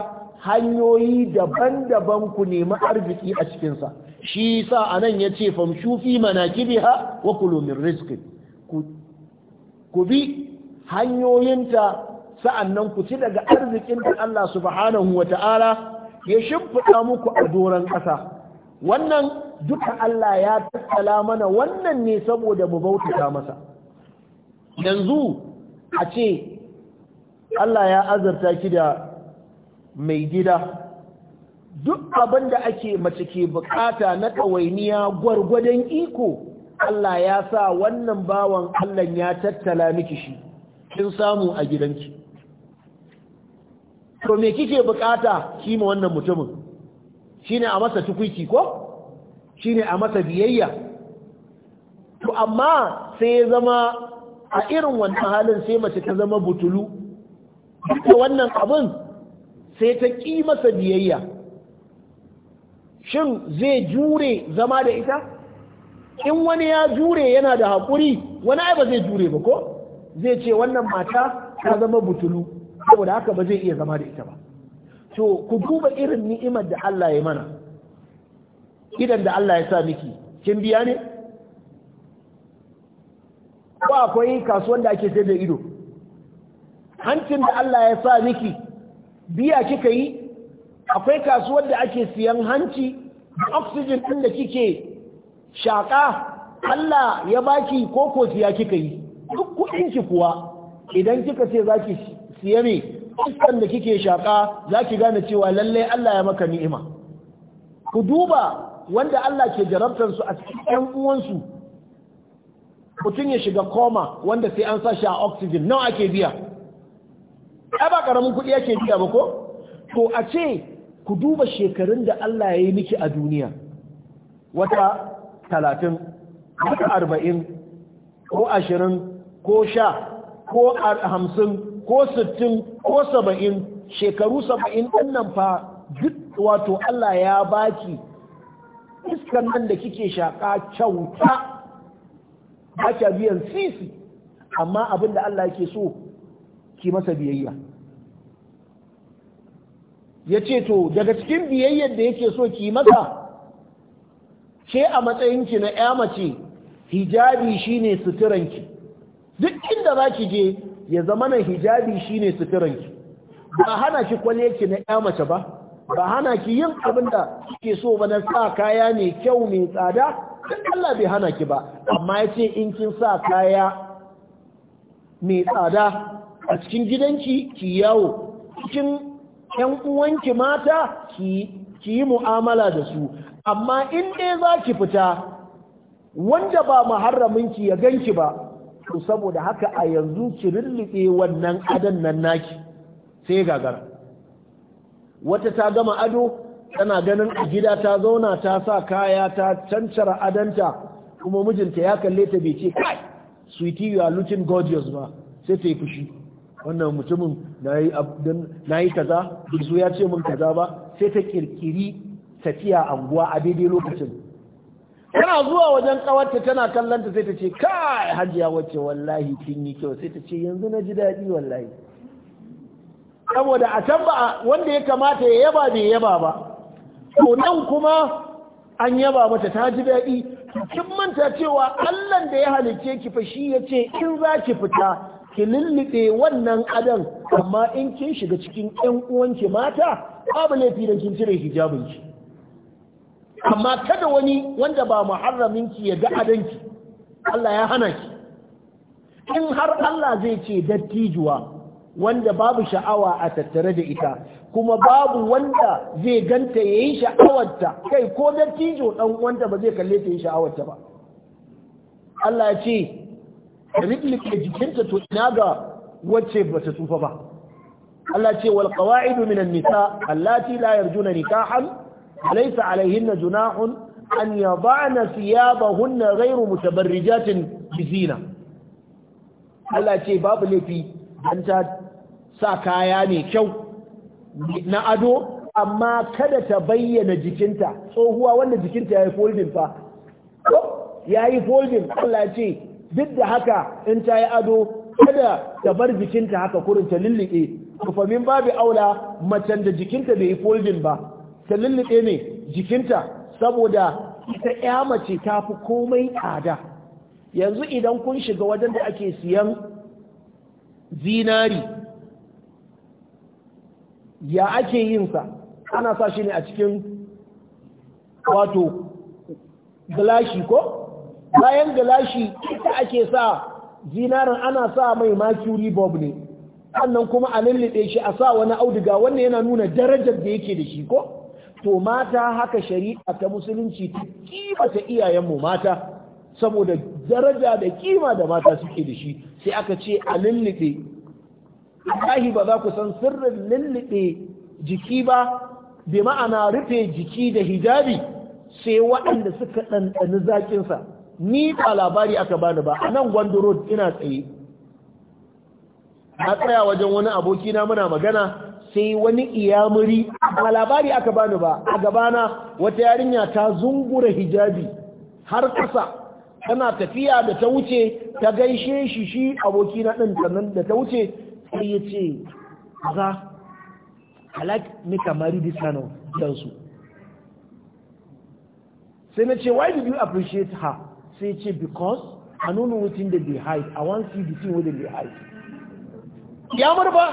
hanyoyi daban-daban ku nemi arziki a cikinsa shi sa a nan ya ce famshufi ha wa kulomin riskin. ku bi hanyoyinta sa'annan ku ci daga arzikin da Allah subhanahu wa ta'ala ya shimfiɗa muku a doron ƙasa wannan duka Allah ya tattala mana wannan ne saboda mu bautata masa yanzu a ce Allah ya azarta ki da mai gida duk abin da ake mace ke bukata na kawainiya gwargwadon iko Allah ya sa wannan bawan Allah ya tattala miki shi kin samu a gidanki to me kike bukata kima wannan mutumin shine a masa tukuki ko shine a masa biyayya to amma sai ya zama a irin wannan halin sai mace ta zama butulu da wannan abin sai ta ƙi masa biyayya shin zai jure zama da ita in wani ya jure yana da haƙuri wani ai ba zai jure ba ko zai ce wannan mata ta zama butulu saboda haka ba zai iya zama da ita ba to ku duba irin ni'imar da Allah ya mana idan da Allah ya sa miki kin biya ne ko akwai kasuwan da ake sayar da ido hancin da Allah ya sa miki biya kika yi akwai kasuwar da ake siyan hanci da oxygen ɗin da kike shaƙa Allah ya baki ko siya kika yi duk kuɗin ki kuwa idan kika ce za ki siya ne iskan da kike shaƙa zaki gane cewa lallai Allah ya maka ni'ima ku duba wanda Allah ke jarabtar su a cikin ƴan uwansu mutum ya shiga koma wanda sai an sa shi a oxygen nawa ake biya ya ba karamin kuɗi yake biya ba ko to a ce ku duba shekarun da Allah ya yi miki a duniya wata talatin wata arba'in ko ashirin ko sha ko hamsin ko sittin ko saba'in shekaru saba'in ɗin nan fa duk wato Allah ya baki iskan nan da kike shaƙa kyauta ba biyan sisi amma abin da Allah yake so ki masa biyayya ya ce to daga cikin biyayyar da yake so ki masa ke a matsayin ki na ya mace hijabi shine suturanki duk inda za ki je ya zama na hijabi shine suturanki ba hana ki ki na ya mace ba ba hana ki yin abin da kike so ba na sa kaya mai kyau mai tsada Allah bai hana ki ba amma ya ce in kin sa kaya mai tsada a cikin gidanki ki yawo cikin ‘yan uwanki mata ki yi mu'amala da su amma in dai za ki fita wanda ba maharraminki ya ganki ba to saboda haka a yanzu ki lullube wannan adan nan naki sai gagara wata ta gama ado tana ganin a gida ta zauna ta sa kaya ta cancara adanta kuma mijinta ya kalle ta bai ce kai sweetie you are looking gorgeous ba sai ta yi fushi wannan mutumin na yi kaza bizu ya ce min kaza ba sai ta kirkiri tafiya anguwa a daidai lokacin tana zuwa wajen kawarta tana kallanta sai ta ce kai hajiya wacce wallahi kin yi kyau sai ta ce yanzu na ji daɗi wallahi saboda a can ba wanda ya kamata ya yaba bai yaba ba to nan kuma an yaba mata ta ji daɗi kin manta cewa Allah da ya halicce ki fa shi ya ce in za ki fita ki lullube wannan adon amma in kin shiga cikin ƴan uwanki mata babu laifi da kin cire hijabin ki amma kada wani wanda ba muharramin ki ya ga adon ki Allah ya hana ki in har Allah zai ce dattijuwa wanda babu sha'awa a tattare da ita kuma babu wanda zai ganta yayi sha'awarta kai ko dattijo dan wanda ba zai kalle ta yi sha'awarta ba Allah ya ce da liƙe jikinta to ina ga wacce ba ta tsufa ba Allah ce wal qawaidu minan nisa allati la yarjuna nikahan laysa na junahun an yad'ana thiyabahunna ghayru mutabarrijatin bizina Allah ce babu laifi dan ta sa kaya ne kyau na ado amma kada ta bayyana jikinta tsohuwa wanda jikinta yayi folding fa yayi folding Allah ce duk da haka in ta yi ado kada ta bar jikinta haka kurin ta lullube fa min babu aula mace da jikinta bai yi folding ba ta lulluke ne jikinta saboda ita ya mace ta fi komai tsada yanzu idan kun shiga wajen da ake siyan zinari ya ake yinsa ana sa shi ne a cikin wato gilashi ko bayan gilashi ita ake sa zinarin ana sa mai mercury Bob ne sannan kuma a lullube shi a sa wani auduga wannan yana nuna darajar da yake da shi ko to mata haka shari'a ta musulunci ta kima ta iyayenmu mata saboda daraja da kima da mata suke da shi sai aka ce a lullube Allahi ba za ku san sirrin lullube jiki ba bi ma'ana rufe jiki da hijabi sai waɗanda suka ɗanɗani zaƙinsa ni ba labari aka bani ba a nan gwandu road ina tsaye na tsaya wajen wani abokina muna magana sai wani iyamuri ba labari aka bani ba a gabana wata yarinya ta zungura hijabi har kasa tana tafiya da ta wuce ta gaishe shi shi abokina ɗin sannan da ta wuce sai ya ce za a like me a mari this kind of Sai na ce, why did you appreciate her? sai because I don't know within that they hide I want to see the thing within they hide ya ba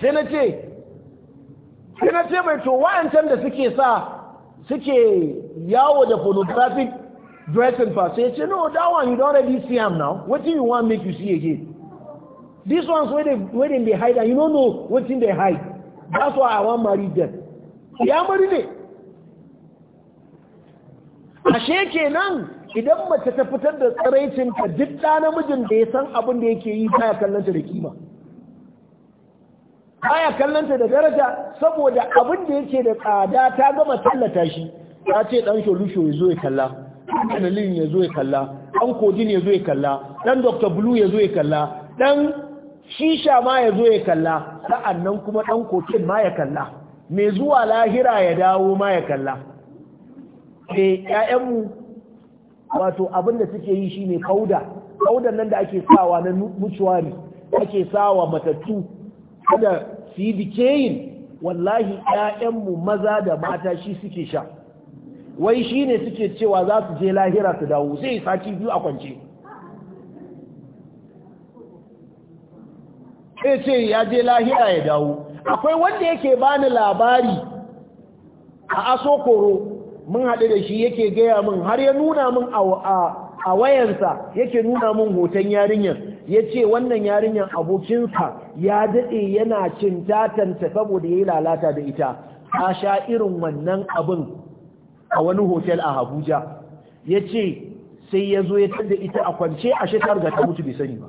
sai na ce sai na ce mai to wa'ancan da suke sa suke yawo da pornographic dressing pa sai ce no that one you don't already see him now what do you want make you see again these ones where they where they hide and you don't know what thing they hide that's why I want marry them ya mari ne ashe kenan idan mace ta fitar da tsiraicinta duk da namijin da ya san abin da yake yi ta ya kallonta da kima ya kallonta da daraja saboda abin da yake da tsada ta gama tallata shi ta ce ɗan sholusho ya zo ya kalla ɗan ya zo ya kalla ɗan kodin ya zo ya kalla ɗan dr blue ya zo ya kalla ɗan shisha ma ya zo ya kalla sa'annan kuma ɗan kokin ma ya kalla mai zuwa lahira ya dawo ma ya kalla sai ƴaƴanmu wato abin da suke yi shine kauda kaudan nan da ake sawa na mutuwari ake sawa matattu da su yi wallahi ƴaƴanmu maza da mata shi suke sha wai shi ne suke cewa za su je lahira su dawo sai sati biyu a kwance sai ce ya je lahira ya dawo akwai wanda yake bani labari a aso koro mun haɗu da shi yake gaya min har ya nuna min a wayansa yake nuna min hoton yarinyar ya ce wannan yarinyar abokinsa ya daɗe yana cin tatanta saboda ya yi lalata da ita ta sha irin wannan abin a wani hotel a Abuja ya ce sai ya zo ya tada ita a kwance a shekar ga ta mutu bai sani ba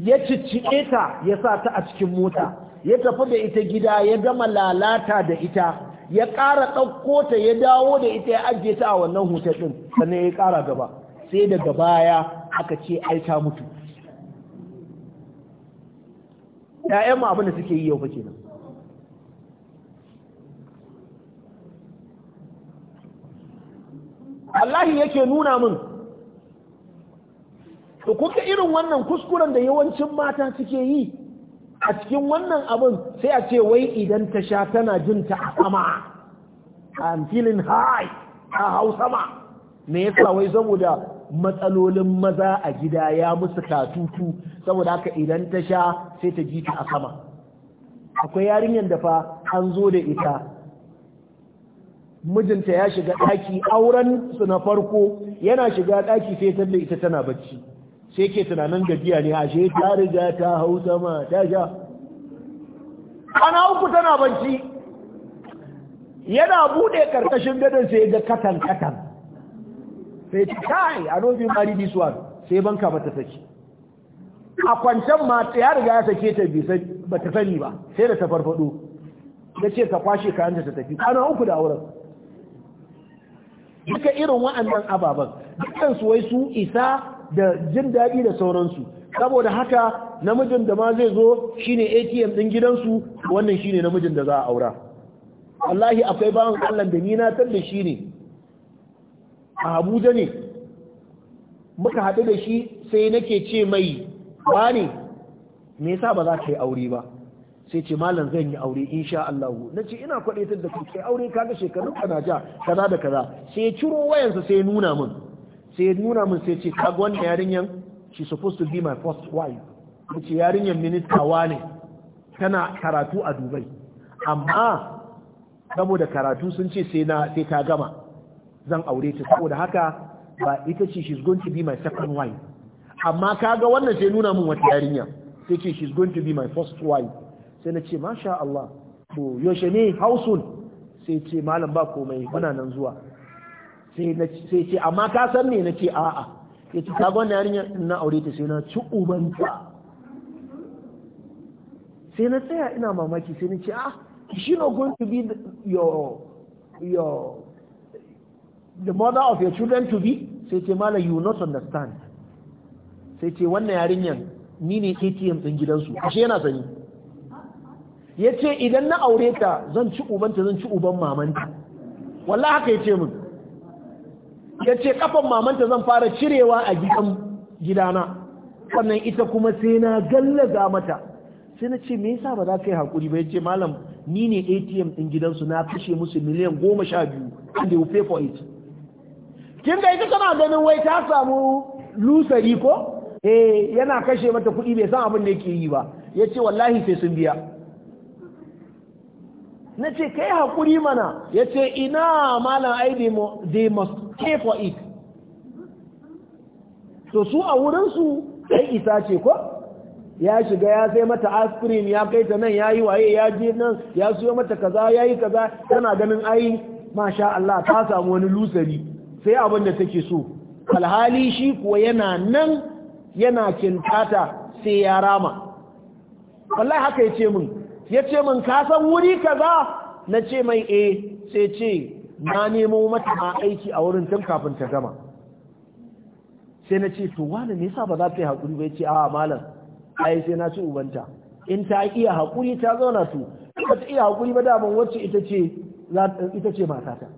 ya cicciƙe ta ya sa ta a cikin mota ya tafi da ita gida ya gama lalata da ita ya ƙara ɗauko ta ya dawo da ita ya ajiye ta a wannan hotel ɗin sannan ya ƙara gaba sai daga baya aka ce ai ta mutu ‘ya'yan abin da suke yi yau fake kenan Allah yake nuna min to kuka irin wannan kuskuren da yawancin mata suke yi a cikin wannan abin sai a ce wai idan ta sha tana jin ta a sama I'm feeling high a hau sama me yasa wai saboda matsalolin maza a gida ya musu katutu saboda haka idan ta sha sai ta ji ta a sama akwai yarinyar da fa an zo da ita mijinta ya shiga ɗaki auren su na farko yana shiga ɗaki sai ta ita tana bacci sai ke tunanin gajiya ne ashe ta riga ta hau sama ta sha ana uku tana banci yana bude karkashin gadon sai ga katan katan sai ta kai a nobi mari biswa sai banka bata saki a kwancan ma ya riga ya sake ta ba ta sani ba sai da ta farfado da ce ta kwashe kayan ta tafi ana uku da auren duka irin wa'annan ababen dukkan su wai su isa da jin daɗi da sauransu saboda haka namijin da ma zai zo shine ATM ɗin gidansu wannan shine namijin da za a aura wallahi akwai bawan Allah da ni na tar da shi ne a Abuja ne muka haɗu da shi sai nake ce mai wani me yasa ba za ka yi aure ba sai ce malam zan yi aure insha Allah na ina kwadaitar da kai aure kaga shekaru kana ja kaza da kaza sai ya ciro wayansa sai nuna mun. sai nuna min sai ce kaga wannan yarinyan she supposed to be my first wife ce yarinyan minista wane tana karatu a Dubai amma saboda karatu sun ce sai na sai ta gama zan aure ta saboda haka ba ita ce she's going to be my second wife amma kaga wannan sai nuna min wata yarinya sai ce she's going to be my first wife sai na ce masha Allah to yaushe ne hausun sai ce malam ba komai muna nan zuwa sai ce amma ka san na ce a'a ya ce kaga wannan yarinya na aure ta sai na ci ubanta sai na tsaya ina mamaki sai na ce a! Ah, shi not going to be your your the mother of your children to be sai ce mala you not understand sai ce wannan yarinyan ni ne ATM din gidansu ashe yana sani ya ce idan na aure ta zan ci ubanta zan ci uban mamanta wallahi haka ya ce min ya ce kafan mamanta zan fara cirewa a gidan gidana sannan ita kuma sai na gallaza mata sai na ce me yasa ba za ka yi hakuri ba Yace malam ni ne atm din gidansu na kashe musu miliyan goma sha biyu and they will pay for it kin ga ita tana ganin wai ta samu lusari ko eh yana kashe mata kuɗi bai san abin da yake yi ba Yace wallahi sai sun biya na ce kai yi haƙuri mana ya ce ina malam ai they must pay for it to su a wurinsu ɗan isa ce ko ya shiga ya sai mata cream ya kai ta nan ya yi waye ya je nan ya siyo mata kaza ya yi kaza tana ganin ai masha Allah ta samu wani lusari sai abin da take so alhali shi kuwa yana nan yana kintata sai ya rama wallahi haka ya ce min ya ce min ka san wuri kaza na ce mai eh sai ce na nemo mata ma aiki a wurin tun kafin ta gama sai na ce to wani nisa ba za ta yi hakuri ba ce a malam ai sai na ci ubanta in ta iya hakuri ta zauna to ba ta iya hakuri ba daman wacce ita ce matata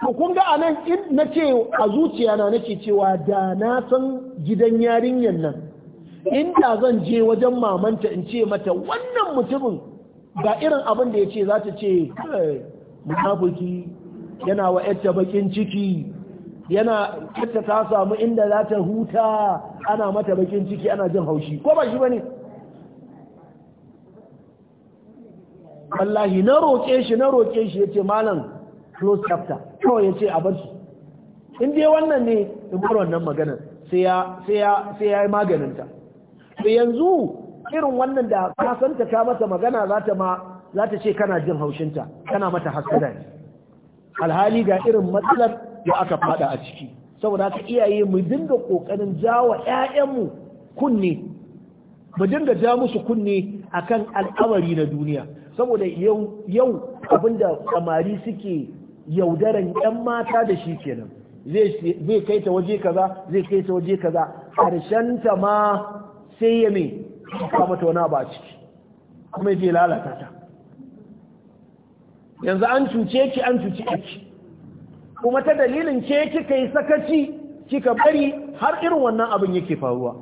to kun ga anan in na ce a zuciya na nake cewa da na san gidan yarinyar nan inda zan je wajen mamanta in ce mata wannan mutumin ga irin abin da ya ce za ta ce munafuki yana wa yadda bakin ciki yana yadda ta samu inda za ta huta ana mata bakin ciki ana jin haushi ko ba shi ba ne wallahi na roƙe shi na roƙe shi ya ce malam close chapter kawai ya ce a bar inda wannan ne in wannan maganar sai ya yi maganinta to yanzu irin wannan da ka san ta ka mata magana za ta ce kana jin haushinta kana mata haskada ne alhali ga irin matsalar da aka fada a ciki saboda haka iyaye mu dinga kokarin jawa ƴaƴanmu kunne mu dinga ja musu kunne akan al'amari na duniya saboda yau yau abinda samari suke yaudaran ƴan mata da shi kenan zai kai ta waje kaza zai kai ta waje kaza ta ma sai ya mai ka mata wani ba ciki kuma ya je lalata ta yanzu an cuce ki an cuci ki kuma ta dalilin ce kika yi sakaci kika bari har irin wannan abin yake faruwa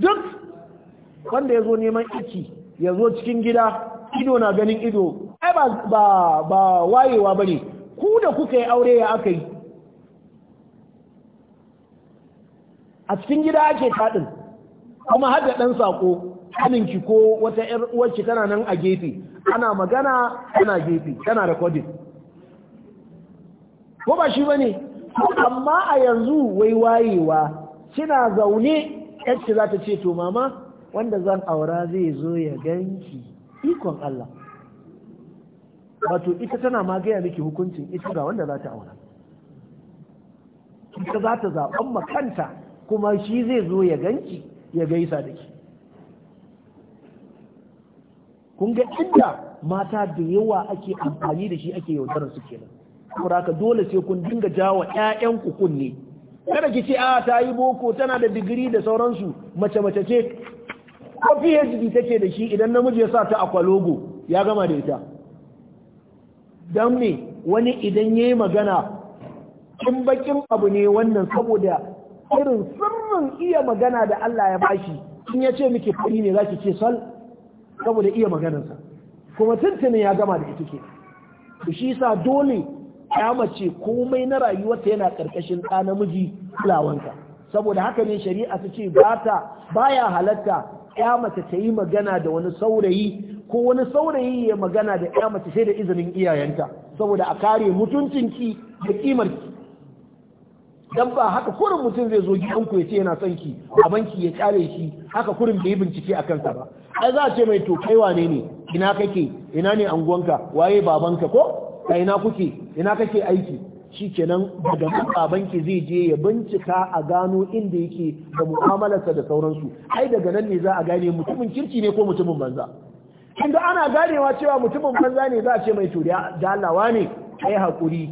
duk wanda ya zo neman iki ya zo cikin gida ido na ganin ido ai ba ba wayewa bane ku da kuka yi aure ya aka yi a cikin gida ake kaɗin kuma har da ɗan sako haninki ko wata ‘yar uwarki tana nan a gefe ana magana tana gefe tana recording ko ba shi bane amma a yanzu wai wayewa kina zaune ‘yarki za ta ce to mama wanda zan aura zai zo ya ganki ikon Allah wato ita tana ma gaya miki hukuncin ita ga wanda za ta aura ita za ta zaɓen makanta kuma shi zai zo ya ganki ya gaisa da ke kun ga inda mata da yawa ake amfani da shi ake yaudarar su kenan haka dole sai kun dinga jawa ƴaƴan ku kunne kada ki ce a ta yi boko tana da digiri da sauransu mace mace ce ko PhD take da shi idan namiji ya sa ta a kwalogo ya gama da ita dan me wani idan yayi magana in bakin abu ne wannan saboda irin sirrin iya magana da Allah ya bashi in ya ce miki fari ne zaki ce sal saboda iya maganarsa kuma tuntuni ya gama da ita ke to shi yasa dole ya mace komai na rayuwarta yana ƙarƙashin ɗa namiji kulawanka saboda haka ne shari'a ta ce ba ta baya halatta ya mace ta yi magana da wani saurayi ko wani saurayi ya magana da ya mace sai da izinin iyayenta saboda a kare mutuncinki da kimarki dan ba haka kurin mutum zai zo gidan ku ya ce yana son ki a banki ya kyale shi haka kurin bai bincike a kansa ba ai za a ce mai to kai wane ne ina kake ina ne anguwanka waye babanka ko a ina kuke ina kake aiki shikenan daga babanki zai je ya bincika a gano inda yake da mu'amalarsa da sauransu ai daga nan ne za a gane mutumin kirki ne ko mutumin banza inda ana ganewa cewa mutumin banza ne za a ce mai to da Allah wane ai hakuri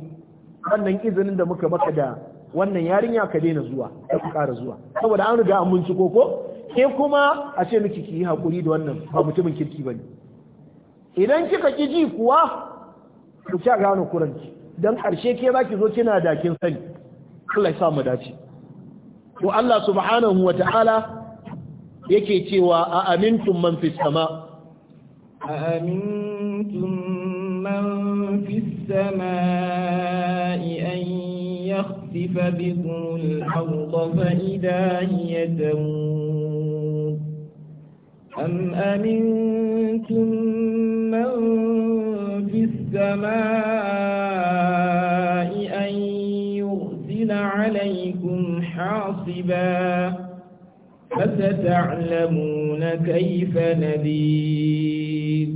wannan izinin da muka maka da wannan yarinya ka daina zuwa ka ku ƙara zuwa saboda an riga an binciko koko. ke kuma a ce miki ki yi hakuri da wannan ba mutumin kirki ba ne. idan kika ki ji kuwa ku ci gano kuranki dan ƙarshe ke za ki zo kina da kin sani Allah ya sa mu dace to Allah subhanahu wa ta'ala yake cewa a amintum man fi sama a amintum man fi sama'i يخسف بكم الأرض فإذا هي تموت أم أمنتم من في السماء أن يرسل عليكم حاصبا فستعلمون كيف نذير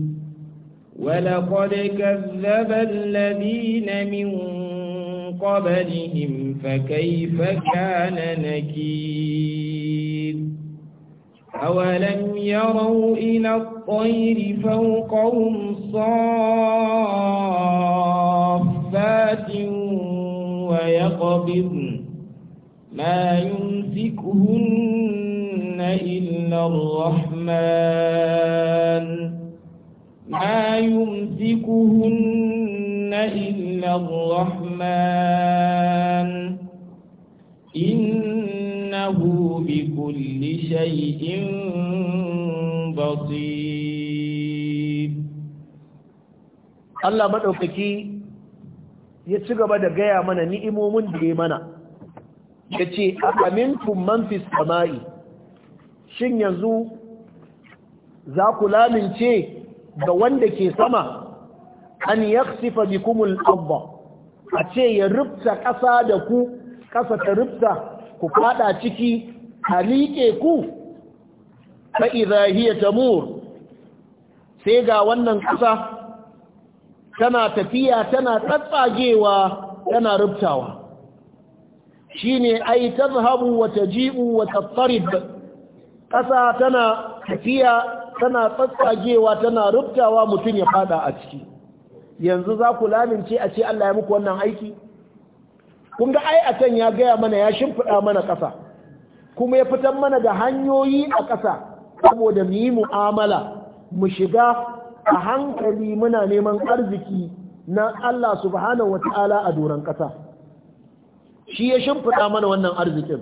ولقد كذب الذين من قبلهم فكيف كان نكير أولم يروا إلى الطير فوقهم صافات ويقبضن ما يمسكهن إلا الرحمن ما يمسكهن إلا من الرحمن إنه بكل شيء بصير الله مدوكي ya ci gaba da gaya mana ni'imomin da mana ya ce amintum man fi sama'i shin yanzu za ku lamince da wanda ke sama an yaksifa bikumul abba a ce ya rubta ƙasa da ku ƙasa ta rubta ku fada ciki a liƙe ku fa idza hiya tamur sai ga wannan ƙasa tana tafiya tana tsatsagewa tana rubtawa shine ai tazhabu wa taji'u wa tattarib ƙasa tana tafiya tana tsatsagewa tana rubtawa mutum ya fada a ciki yanzu za ku lamince a ce Allah ya muku wannan aiki kun ga ai a can ya gaya mana ya shimfiɗa mana ƙasa kuma ya fitan mana da hanyoyi a ƙasa saboda mu yi mu'amala mu shiga a hankali muna neman arziki na Allah subhanahu wata'ala a doron ƙasa shi ya shimfiɗa mana wannan arzikin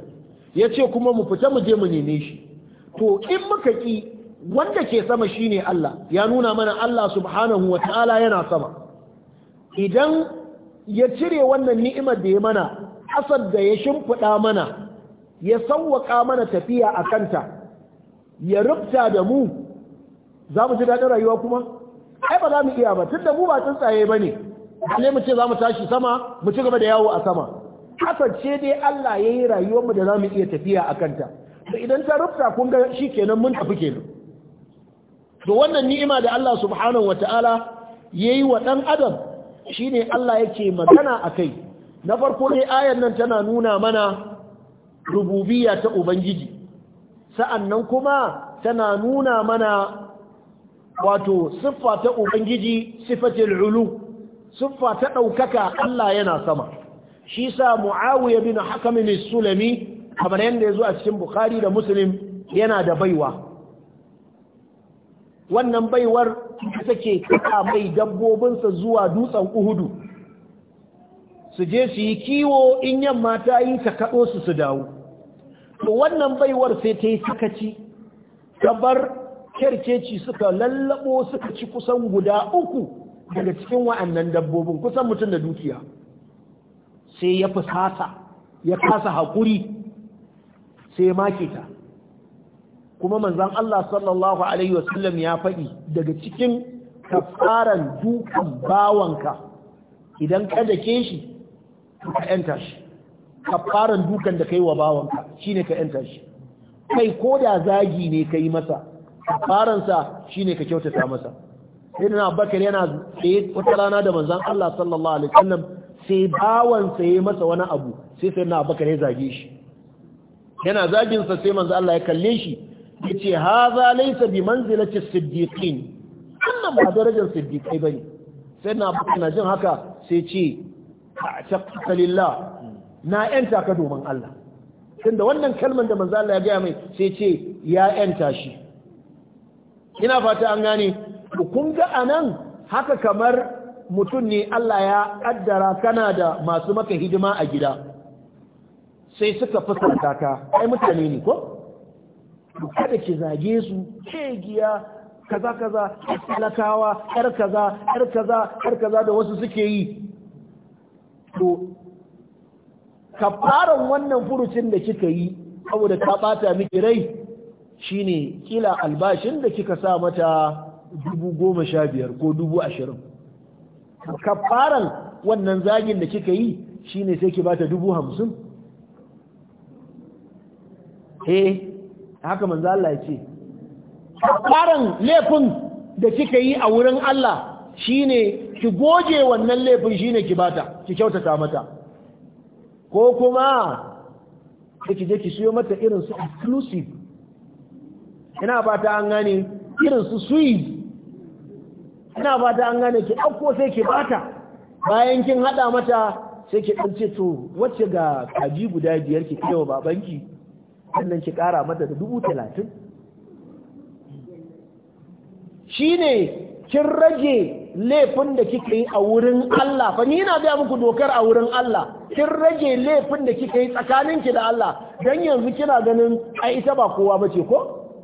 ya ce kuma mu fita mu je mu neme shi to in muka ƙi wanda ke sama shi ne Allah ya nuna mana Allah subhanahu wa ta'ala yana sama idan ya cire wannan ni'imar da ya mana asar da ya shimfiɗa mana ya sawwaka mana tafiya a kanta ya rubta da mu za mu ji daɗin rayuwa kuma ai ba za mu iya ba tun da mu ba tsuntsaye ba ne ne mu ce za mu tashi sama mu ci gaba da yawo a sama kasance dai Allah ya yi rayuwarmu da za mu iya tafiya a kanta da idan ta rubta kun ga shi kenan mun tafi kenan to wannan ni'ima da Allah subhanahu wata'ala yayi wa ɗan adam ne Allah yake magana akai na farko dai ayan nan tana nuna mana rububiyya ta ubangiji sa'annan kuma tana nuna mana wato siffa ta ubangiji sifatul ulu siffa ta daukaka Allah yana sama shi sa muawiya bin hakim al-sulami kamar yanda yazo a cikin bukhari da muslim yana da baiwa wannan baiwar da take ta mai dabbobinsa zuwa dutsen uhudu su je su yi kiwo in yamma ta yi ta kaɗo su su dawo to wannan baiwar sai ta yi sakaci ta bar kerkeci suka lallaɓo suka ci kusan guda uku daga cikin wa'annan dabbobin kusan mutum da dukiya sai ya fusata ya kasa haƙuri sai ya make ta kuma manzan Allah sallallahu alaihi wasallam ya faɗi daga cikin kafaran dukan bawanka idan ka dake shi ka yanta shi kafaran dukan da kai wa bawanka shi ne ka yanta shi kai ko da zagi ne ka yi masa kafaransa shi ne ka kyautata masa sai na bakar yana tsaye wata rana da manzan Allah sallallahu alaihi wasallam sai bawansa ya masa wani abu sai sai na bakar ya zage shi yana zaginsa sai manzan Allah ya kalle shi yace za laisa bi manzilati siddiqin wannan ba darajar siddiqai bane sai na na jin haka sai ce ta'taqta lillah na yanta ka domin Allah tunda wannan kalman da manzo Allah ya gaya mai sai ce ya yanta shi ina fata an gane kun ga anan haka kamar mutum ne Allah ya ƙaddara kana da masu maka hidima a gida sai suka fusa ka ai mutane ne ko kada ki zage su ke giya kaza kaza talakawa yar kaza yar kaza yar kaza da wasu suke yi to kafaran wannan furucin da kika yi saboda ta bata miki rai shine kila albashin da kika sa mata dubu goma sha biyar ko dubu ashirin kafaran wannan zagin da kika yi shine sai ki bata dubu hamsin eh haka manzo Allah ya ce karan laifin da kika yi a wurin Allah shine ki goje wannan laifin shine ki bata ki kyautata mata ko kuma ki je ki siyo mata irin su exclusive ina fata an gane irin su sweet ina fata an gane ki ɗauko sai ki bata bayan kin haɗa mata sai ki ɗance to wacce ga kaji guda biyar ki kai babanki sannan ki kara mata da dubu talatin shi ne kin rage laifin da kika yi a wurin Allah fa ni na gaya muku dokar a wurin Allah kin rage laifin da kika yi tsakanin ki da Allah dan yanzu kina ganin ai ita ba kowa bace ko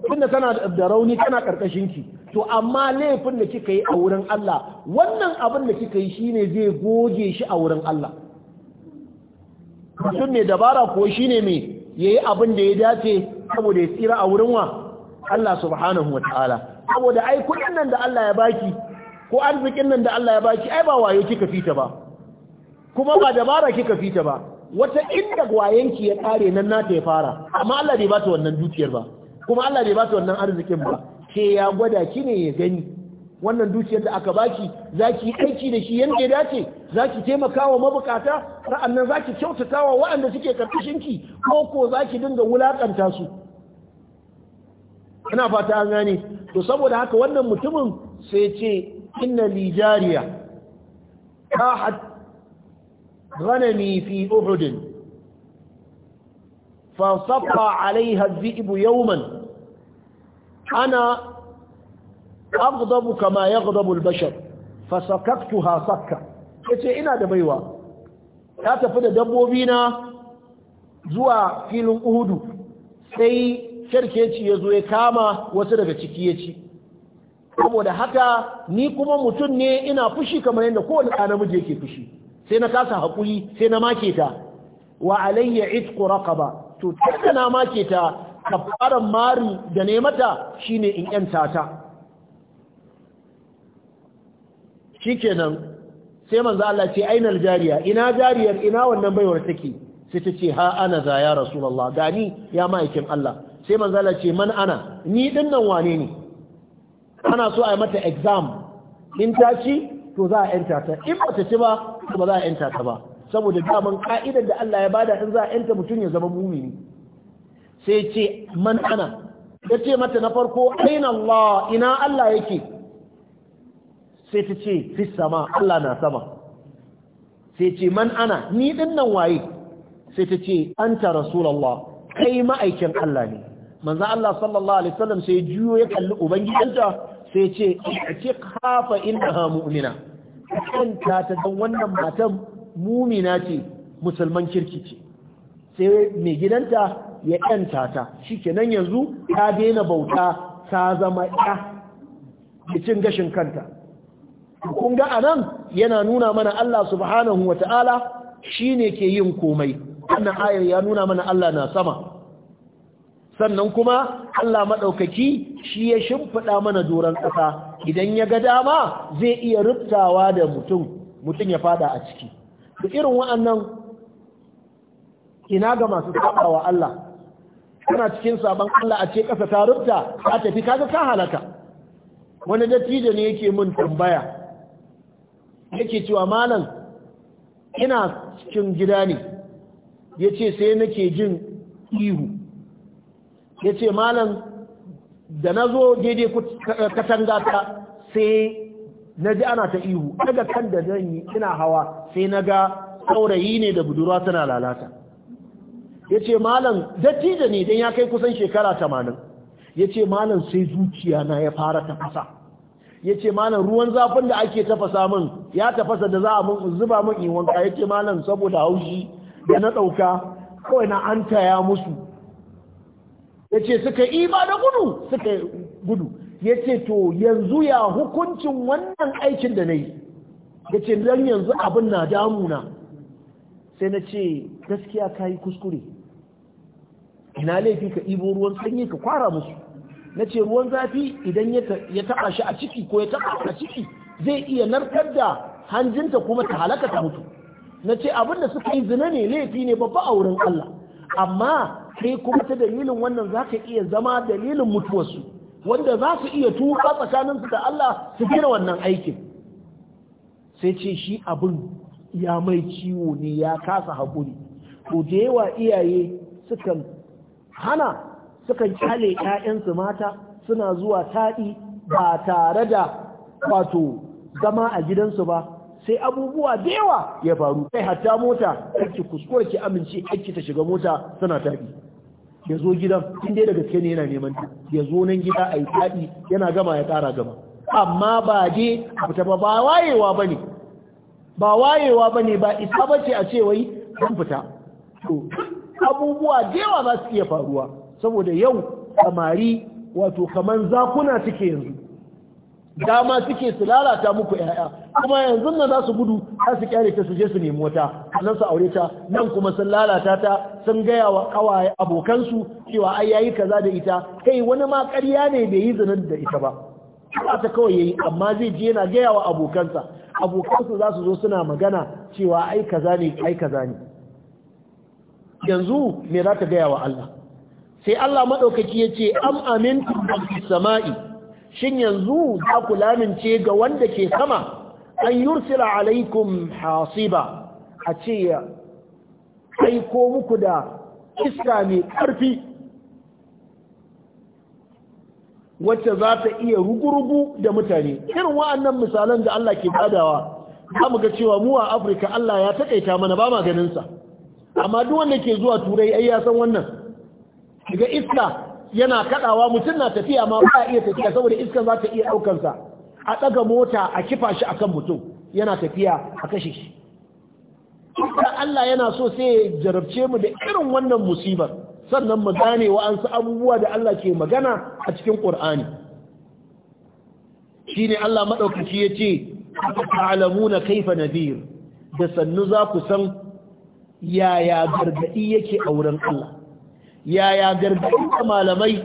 tunda tana da rauni tana karkashin ki to amma laifin da kika yi a wurin Allah wannan abin da kika yi shine zai goge shi a wurin Allah mutum mai dabara ko shine mai yayi abin da ya dace saboda ya tsira a wurin wa Allah subhanahu ta’ala saboda ai kudin nan da Allah ya baki ko arzikin nan da Allah ya baki ai ba wayo kika fita ba kuma ba dabara kika fita ba wata inda wayenki ya kare nan nata ya fara amma Allah bai bata wannan dukiyar ba kuma Allah bai bata wannan arzikin ba ke ya gwada ki ne ya gani wannan dukiyar da aka baki za ki yi aiki da shi yadda ya dace za ki taimaka wa mabukata ra'annan za ki kyautata wa waɗanda suke ki, ko ko za ki dinga wulakanta su ina fata an gane to saboda haka wannan mutumin sai ce inna li jariya rahat ghanami fi uhud fa safa alaiha dhi'bu yawman ana aghdabu kama yaghdabu al-bashar fa sakaktuha yace ina da baiwa ta tafi da dabbobi na zuwa filin uhudu sai kerkeci ya zo ya kama wasu daga ciki ya ci saboda haka ni kuma mutum ne ina fushi kamar yadda kowane ɗa namiji yake fushi sai na kasa haƙuri sai na make ta wa alayya itqu raqaba to tunda na make ta kafaran mari da ne mata shine in yanta ta shikenan sai manzo Allah ce ainal jariya ina jariyar ina wannan baiwar take sai ta ce ha ana za ya rasulullah gani ya ma'aikin Allah sai manzo Allah ce man ana ni din nan wane ne ana so a yi mata exam in ta ci to za a yanta ta in ba ta ci ba ba za a yanta ta ba saboda daman ka'idar da Allah ya bada in za a yanta mutum ya zama mumini sai ce man ana ya ce mata na farko aina Allah ina Allah yake sai ta ce fi sama Allah na sama sai ce man ana ni nan waye sai ta ce anta rasulullah kai ma'aikin Allah ne manzo Allah sallallahu alaihi wasallam sai juyo ya kalli ubangijinta sai ce i'tiqha fa innaha mu'mina kanta ta dan wannan matan mumina ce musulman kirki ce sai mai gidanta ya yanta ta shikenan yanzu ta daina bauta ta zama ya cin gashin kanta kun ga anan yana nuna mana Allah subhanahu wa ta'ala shine ke yin komai wannan ayar ya nuna mana Allah na sama sannan kuma Allah maɗaukaki shi ya shimfiɗa mana doron ƙasa idan ya ga dama zai iya rubtawa da mutum mutum ya fada a ciki da irin wa'annan ina ga masu sabawa Allah kana cikin sabon Allah a ce ƙasa ta rubta a tafi kaga ka halaka wani dattijo ne yake mun tambaya yake cewa malam ina cikin gida ne ya ce sai nake jin ihu ya ce malam da na zo daidai katanga ta sai na ji ana ta ihu daga kan da zan yi ina hawa sai na ga saurayi ne da budurwa tana lalata ya ce malam dattijo ne don ya kai kusan shekara tamanin ya ce malam sai zuciya na ya fara ta kasa ya ce malam ruwan zafin da ake tafasa min ya tafasa da za a mun zuba min in wanka ya ce malam saboda haushi da na ɗauka kawai na an taya musu ya ce suka ba da gudu suka gudu ya ce to yanzu ya hukuncin wannan aikin da na yi ya ce don yanzu abin na damuna sai na ce gaskiya ka yi kuskure ina laifi ka ibo ruwan sanyi ka kwara musu na ce ruwan zafi idan ya taɓa shi a ciki ko ya taɓa a ciki zai iya narkar da hanjinta kuma ta halaka ta mutu na ce abin da suka yi zina ne laifi ne babba a wurin Allah amma kai kuma ta dalilin wannan za ka iya zama dalilin mutuwarsu wanda za su iya tuka tsakaninsu da Allah su gina wannan aikin sai ce shi abin ya mai ciwo ne ya kasa haƙuri ko da yawa iyaye sukan hana sukan kyale ƴaƴansu mata suna zuwa taɗi ba tare da wato zama a gidansu ba sai abubuwa da yawa ya faru Sai hatta mota kake kuskure ki amince kake ta shiga mota suna taɗi ya zo gidan in dai da gaske ne yana neman ta ya zo nan gida a yi taɗi yana gama ya ƙara gama amma ba je a fita ba ba wayewa ba ne ba wayewa ba ne ba isa ba ce a ce wai zan fita to abubuwa da yawa za su iya faruwa saboda yau samari wato kaman zakuna suke yanzu dama suke su lalata muku yaya kuma yanzu nan za su gudu za su kyale ta su je su nemi wata nan su aure ta nan kuma sun lalata ta sun gaya wa kawaye abokansu cewa ai yayi kaza da ita kai wani ma ƙarya ne bai yi zinin da ita ba ba ta kawai yayi amma zai je yana gaya wa abokansa abokansu za su zo suna magana cewa ai kaza ne ai kaza ne yanzu me za ta gaya wa Allah sai Allah maɗaukaki ya ce am amintu fi sama'i shin yanzu za ku lamince ga wanda ke sama an yursila alaikum hasiba a ce ya aiko muku da iska mai ƙarfi wacce za ta iya rugurugu da mutane irin wa'annan misalan da Allah ke badawa za mu ga cewa mu a Afirka Allah ya taƙaita mana ba ma ganinsa amma duk wanda ke zuwa turai ai ya san wannan Shiga iska yana kadawa mutum na tafiya ma ba iya tafiya saboda iska za ta iya daukansa a daga mota a kifa shi akan mutum yana tafiya a kashe shi da Allah yana so sai ya jarabce mu da irin wannan musibar sannan mu gane wa'ansu abubuwa da Allah ke magana a cikin Qur'ani shine Allah madaukaki yace ta'lamuna kaifa nadir da sannu za ku san yaya gargadi yake auren wurin Allah yaya gargadin da malamai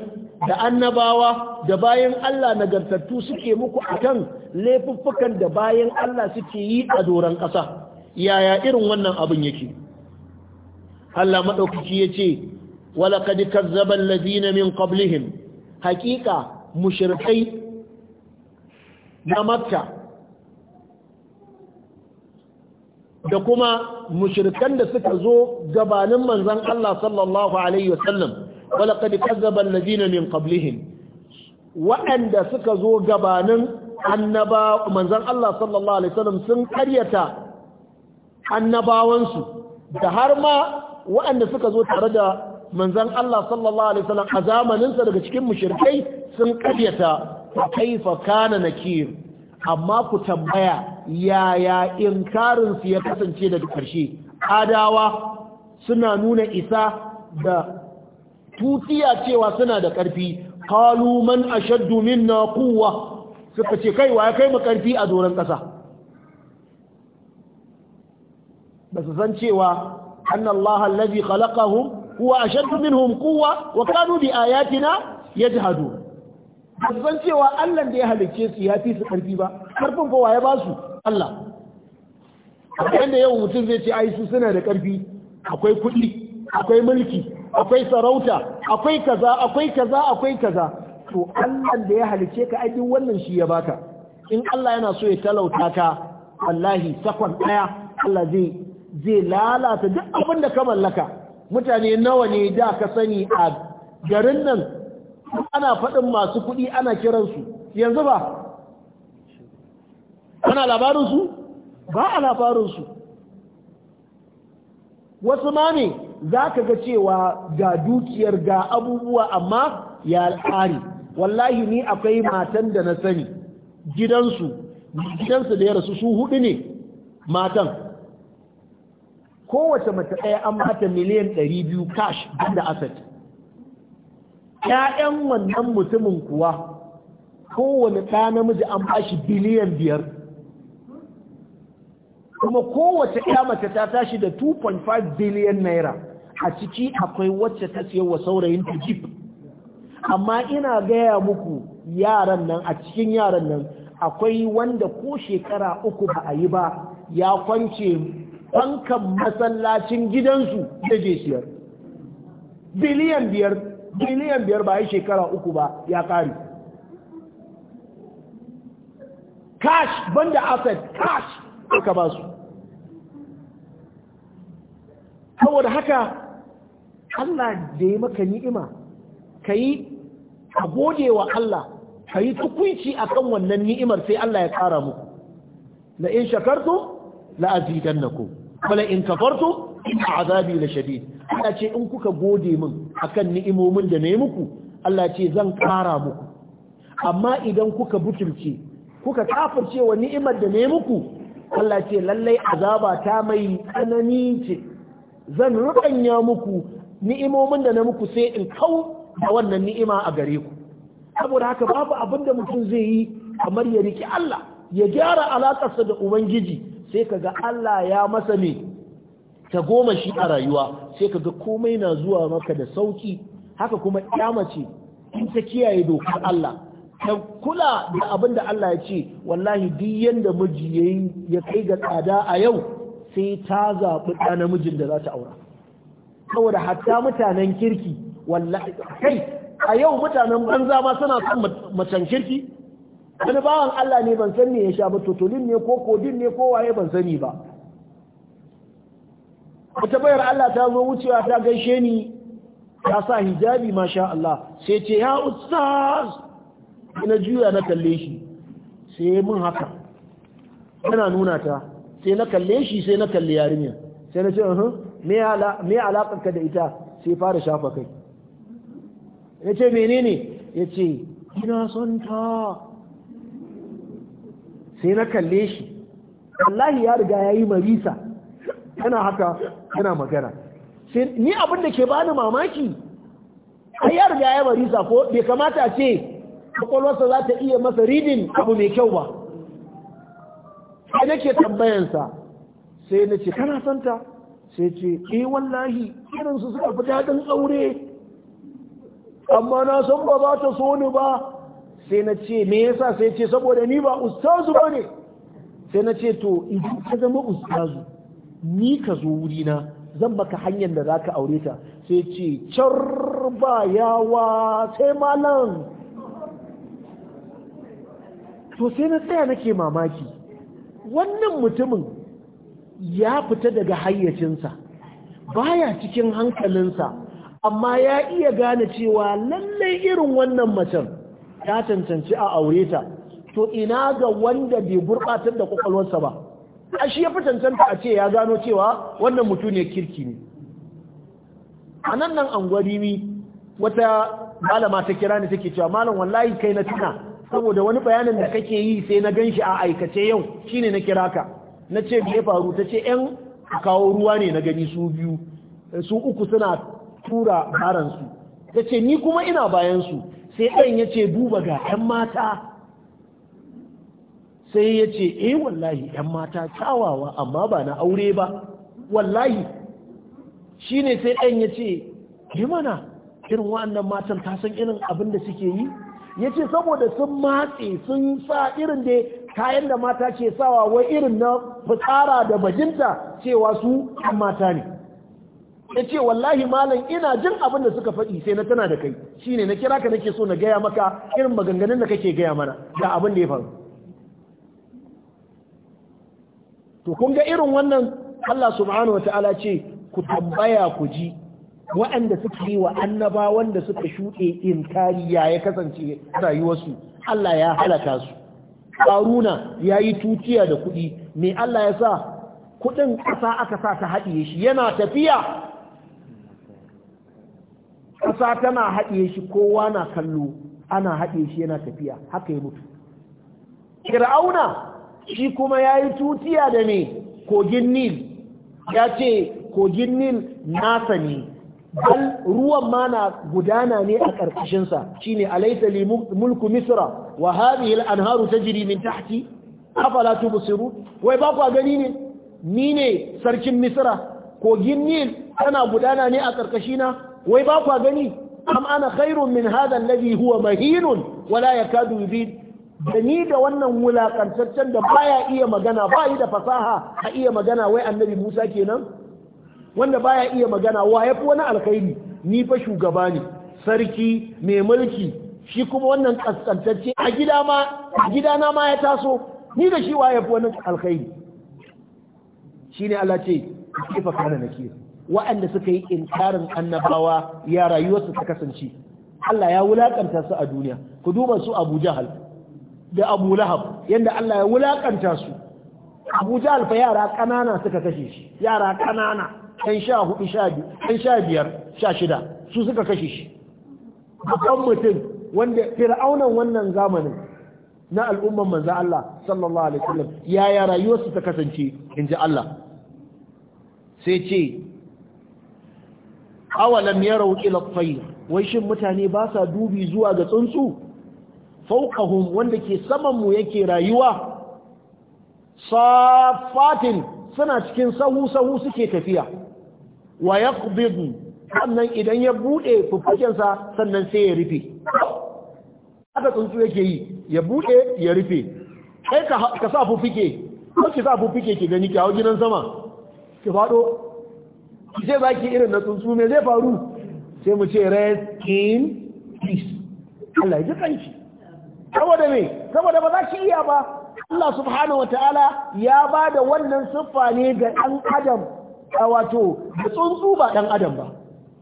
da annabawa da bayan Allah nagartattu suke muku a kan laifuffukan da bayan Allah suke yi a doron ƙasa yaya irin wannan abin yake Allah maɗaukaki ya ce wala walaƙadi kazzaban lazina min qablihim haƙiƙa mushirkai na makka da kuma mushrikan da suka zo gabanin manzon Allah sallallahu alaihi wasallam walaqad kazzaba alladhina min qablihim wa'anda suka zo gabanin annaba manzon Allah sallallahu alaihi wasallam sun karyata annabawansu da har ma wa'anda suka zo tare da manzon Allah sallallahu alaihi wasallam a zamaninsa daga cikin mushrikai sun karyata kaifa kana nakir amma ku tambaya yaya inkarinsu ya kasance daga ƙarshe adawa suna nuna isa da tutiya cewa suna da ƙarfi kalu man ashaddu minna quwwa suka ce kai ya kai mu ƙarfi a doron ƙasa ba su san cewa anna Allah allazi khalaqahum huwa ashaddu minhum quwwa wa kanu bi ayatina yajhadun ba su san cewa allan da ya halicce su ya fi su ƙarfi ba ƙarfin fa ya ba su Allah inda yau mutum zai ce ai suna da ƙarfi akwai kuɗi akwai mulki akwai sarauta akwai kaza akwai kaza akwai kaza to Allah da ya halice ka ai wannan shi ya baka in Allah yana so ya talauta ka wallahi sakon daya Allah zai zai lalata duk abin da ka mallaka mutane nawa ne da ka sani a garin nan ana faɗin masu kuɗi ana kiransu yanzu ba ana labarinsu ba a labarinsu wasu ma ne za ka ga cewa ga dukiyar ga abubuwa amma ya al'ari wallahi ni akwai matan da na sani gidansu gidansu da ya rasu su hudu ne matan kowace mace ɗaya an mata miliyan 200 cash da asset ‘ya'yan wannan mutumin kuwa kowane ɗa namiji an bashi biliyan biyar kuma kowace ya mace ta tashi da 2.5 billion naira a ciki akwai wacce ta siya wa saurayin ta jip. amma ina gaya muku yaran nan a cikin yaran nan akwai wanda ko shekara uku ba a yi ba ya kwance bankan masallacin gidansu da ke siyar biliyan biyar biliyan biyar ba yi shekara uku ba ya ƙari cash banda asset cash aka ba su saboda haka Allah da ya maka ni'ima ka yi a gode wa Allah ka yi tukunci a kan wannan ni'imar sai Allah ya ƙara muku la in shakarto, la azidannakum wala in kafarto in azabi la shadid Allah ce in kuka gode min a kan ni'imomin da na yi muku Allah ce zan ƙara muku amma idan kuka butulce kuka kafirce wa ni'imar da na yi muku Allah ce lallai azaba ta mai tsanani ce zan rubanya muku ni'imomin da na muku sai in kau da wannan ni'ima a gare ku saboda haka babu abin da mutum zai yi kamar ya riki Allah ya gyara alakarsa da ubangiji sai kaga Allah ya masa ne ta goma shi a rayuwa sai kaga komai na zuwa maka da sauki haka kuma kyamace in ta kiyaye dokar Allah ta kula da abin da Allah ya ce wallahi duk yanda miji yayi ya kai ga tsada a yau sai ta zaɓi ɗa namijin da za ta aura saboda hatta mutanen kirki wallahi kai a yau mutanen banza ma suna son macen kirki wani bawan Allah ne ban san me ya sha ba totolin ne ko kodin ne ko waye ban sani ba wata bayar Allah ta zo wucewa ta gaishe ni ta sa hijabi masha Allah sai ce ya ustaz na juya na kalle shi sai mun haka yana nuna ta sai na kalle shi sai na kalle yarinya sai na ce me alaƙar ka da ita sai fara shafa kai ya ce menene ya ce ina son ta sai na kalle shi wallahi ya riga ya yi marisa yana haka yana magana ni abin da ke bani mamaki ai ya riga ya marisa ko bai kamata ce kwakwalwarsa za ta iya masa ridin abu mai kyau ba sai nake tambayansa sai na ce kana santa sai ce ke eh, wallahi irinsu suka fi daɗin aure amma na san ba za ta so ni ba sai na ce me yasa sai ce saboda ni ba ustazu ba ne sai na ce to idan ka zama ustazu ni ka zo wurina zan baka hanyar da za ka aure ta sai ce car ba yawa sai malam to sai na tsaya nake mamaki wannan mutumin ya fita daga hayyacinsa baya cikin hankalinsa amma ya iya gane cewa lallai irin wannan macen ya cancanci a aure ta to ina ga wanda bai gurbatar da kwakwalwarsa ba a shi ya fi cancanta a ce ya gano cewa wannan mutum ne kirki ne a nan nan an gwari wata malama ta kira ni take cewa malam wallahi kai na tuna saboda wani bayanin da kake yi sai na ganshi a aikace yau shine na kira ka na ce me faru ta ce yan kawo ruwa ne na gani su biyu su uku suna tura baransu ta ce ni kuma ina bayan su sai ɗan ya ce duba ga 'yan mata sai ya ce eh wallahi 'yan mata kyawawa amma ba na aure ba wallahi shine sai ɗan ya ce mana irin wa'annan matan ta san irin abin da suke yi ya ce saboda sun matse sun sa irin da kayan da mata ke sawa wai irin na fitsara da bajinta cewa su an mata ne ya ce wallahi malam ina jin abin da suka faɗi sai na tana da kai Shi ne na kira ka nake so na gaya maka irin maganganun da kake gaya mana da abin da ya faru to kun ga irin wannan Allah subhanahu wa ta'ala ce ku tambaya ku ji waɗanda suka yi wa annaba wanda suka shuɗe in kariya ya kasance rayuwarsu Allah ya halaka su haruna ya yi tutiya da kuɗi me Allah ya sa kuɗin ƙasa aka sa ta haɗiye shi yana tafiya ƙasa tana haɗiye shi kowa na kallo ana haɗiye shi yana tafiya haka ya mutu fir'auna shi kuma ya yi tutiya da me kogin nil ya ce kogin nil nasa ne hal ruwan ma na gudana ne a ƙarƙashinsa shine alaysa li mulku misra wa hadhihi al anharu tajri min tahti afala tubsiru wai ba ku gani ne ni ne sarkin misra kogin nil tana gudana ne a ƙarƙashina wai ba ku gani am ana khairun min hadha alladhi huwa mahinun wala yakadu yubid da ni da wannan wulakantaccen da baya iya magana ba yi da fasaha a iya magana wai annabi Musa kenan wanda baya iya magana wa yafi wani alkhairi ni fa shugaba ne sarki mai mulki shi kuma wannan kaskantacce a gida ma gidana ma ya taso ni da shi wa ya fi wani alkhairi Shi ne Allah ce kifa kana nakir wa'anda suka yi inkarin annabawa ya rayuwarsu ta kasance Allah ya wulakanta su a duniya ku duba su Abu Jahal da Abu Lahab yanda Allah ya wulakanta su Abu Jahal fa yara ƙanana suka kashe shi yara ƙanana. ɗan sha hudu sha biyar sha shida su suka kashe shi babban mutum wanda fir'aunan wannan zamanin na al'umman manzo Allah sallallahu alaihi wasallam yaya rayuwarsu ta kasance inji Allah sai ce awalam ya ila at wai shin mutane ba sa dubi zuwa ga tsuntsu fawqahum wanda ke saman mu yake rayuwa safatin suna cikin sahu sahu suke tafiya wa ya yaqbid sannan idan ya bude fufukensa sannan sai ya rufe haka tsuntsu yake yi ya bude ya rufe kai ka sa fufuke ko ki sa fufuke ki gani ki gidan sama ki faɗo ki ce ki irin na tsuntsu me zai faru sai mu ce rest in peace Allah ya ji kanki saboda me saboda ba za ki iya ba Allah subhanahu wa Ta'ala ya bada wannan siffa ne ga ɗan adam a wato da tsuntsu ba ɗan adam ba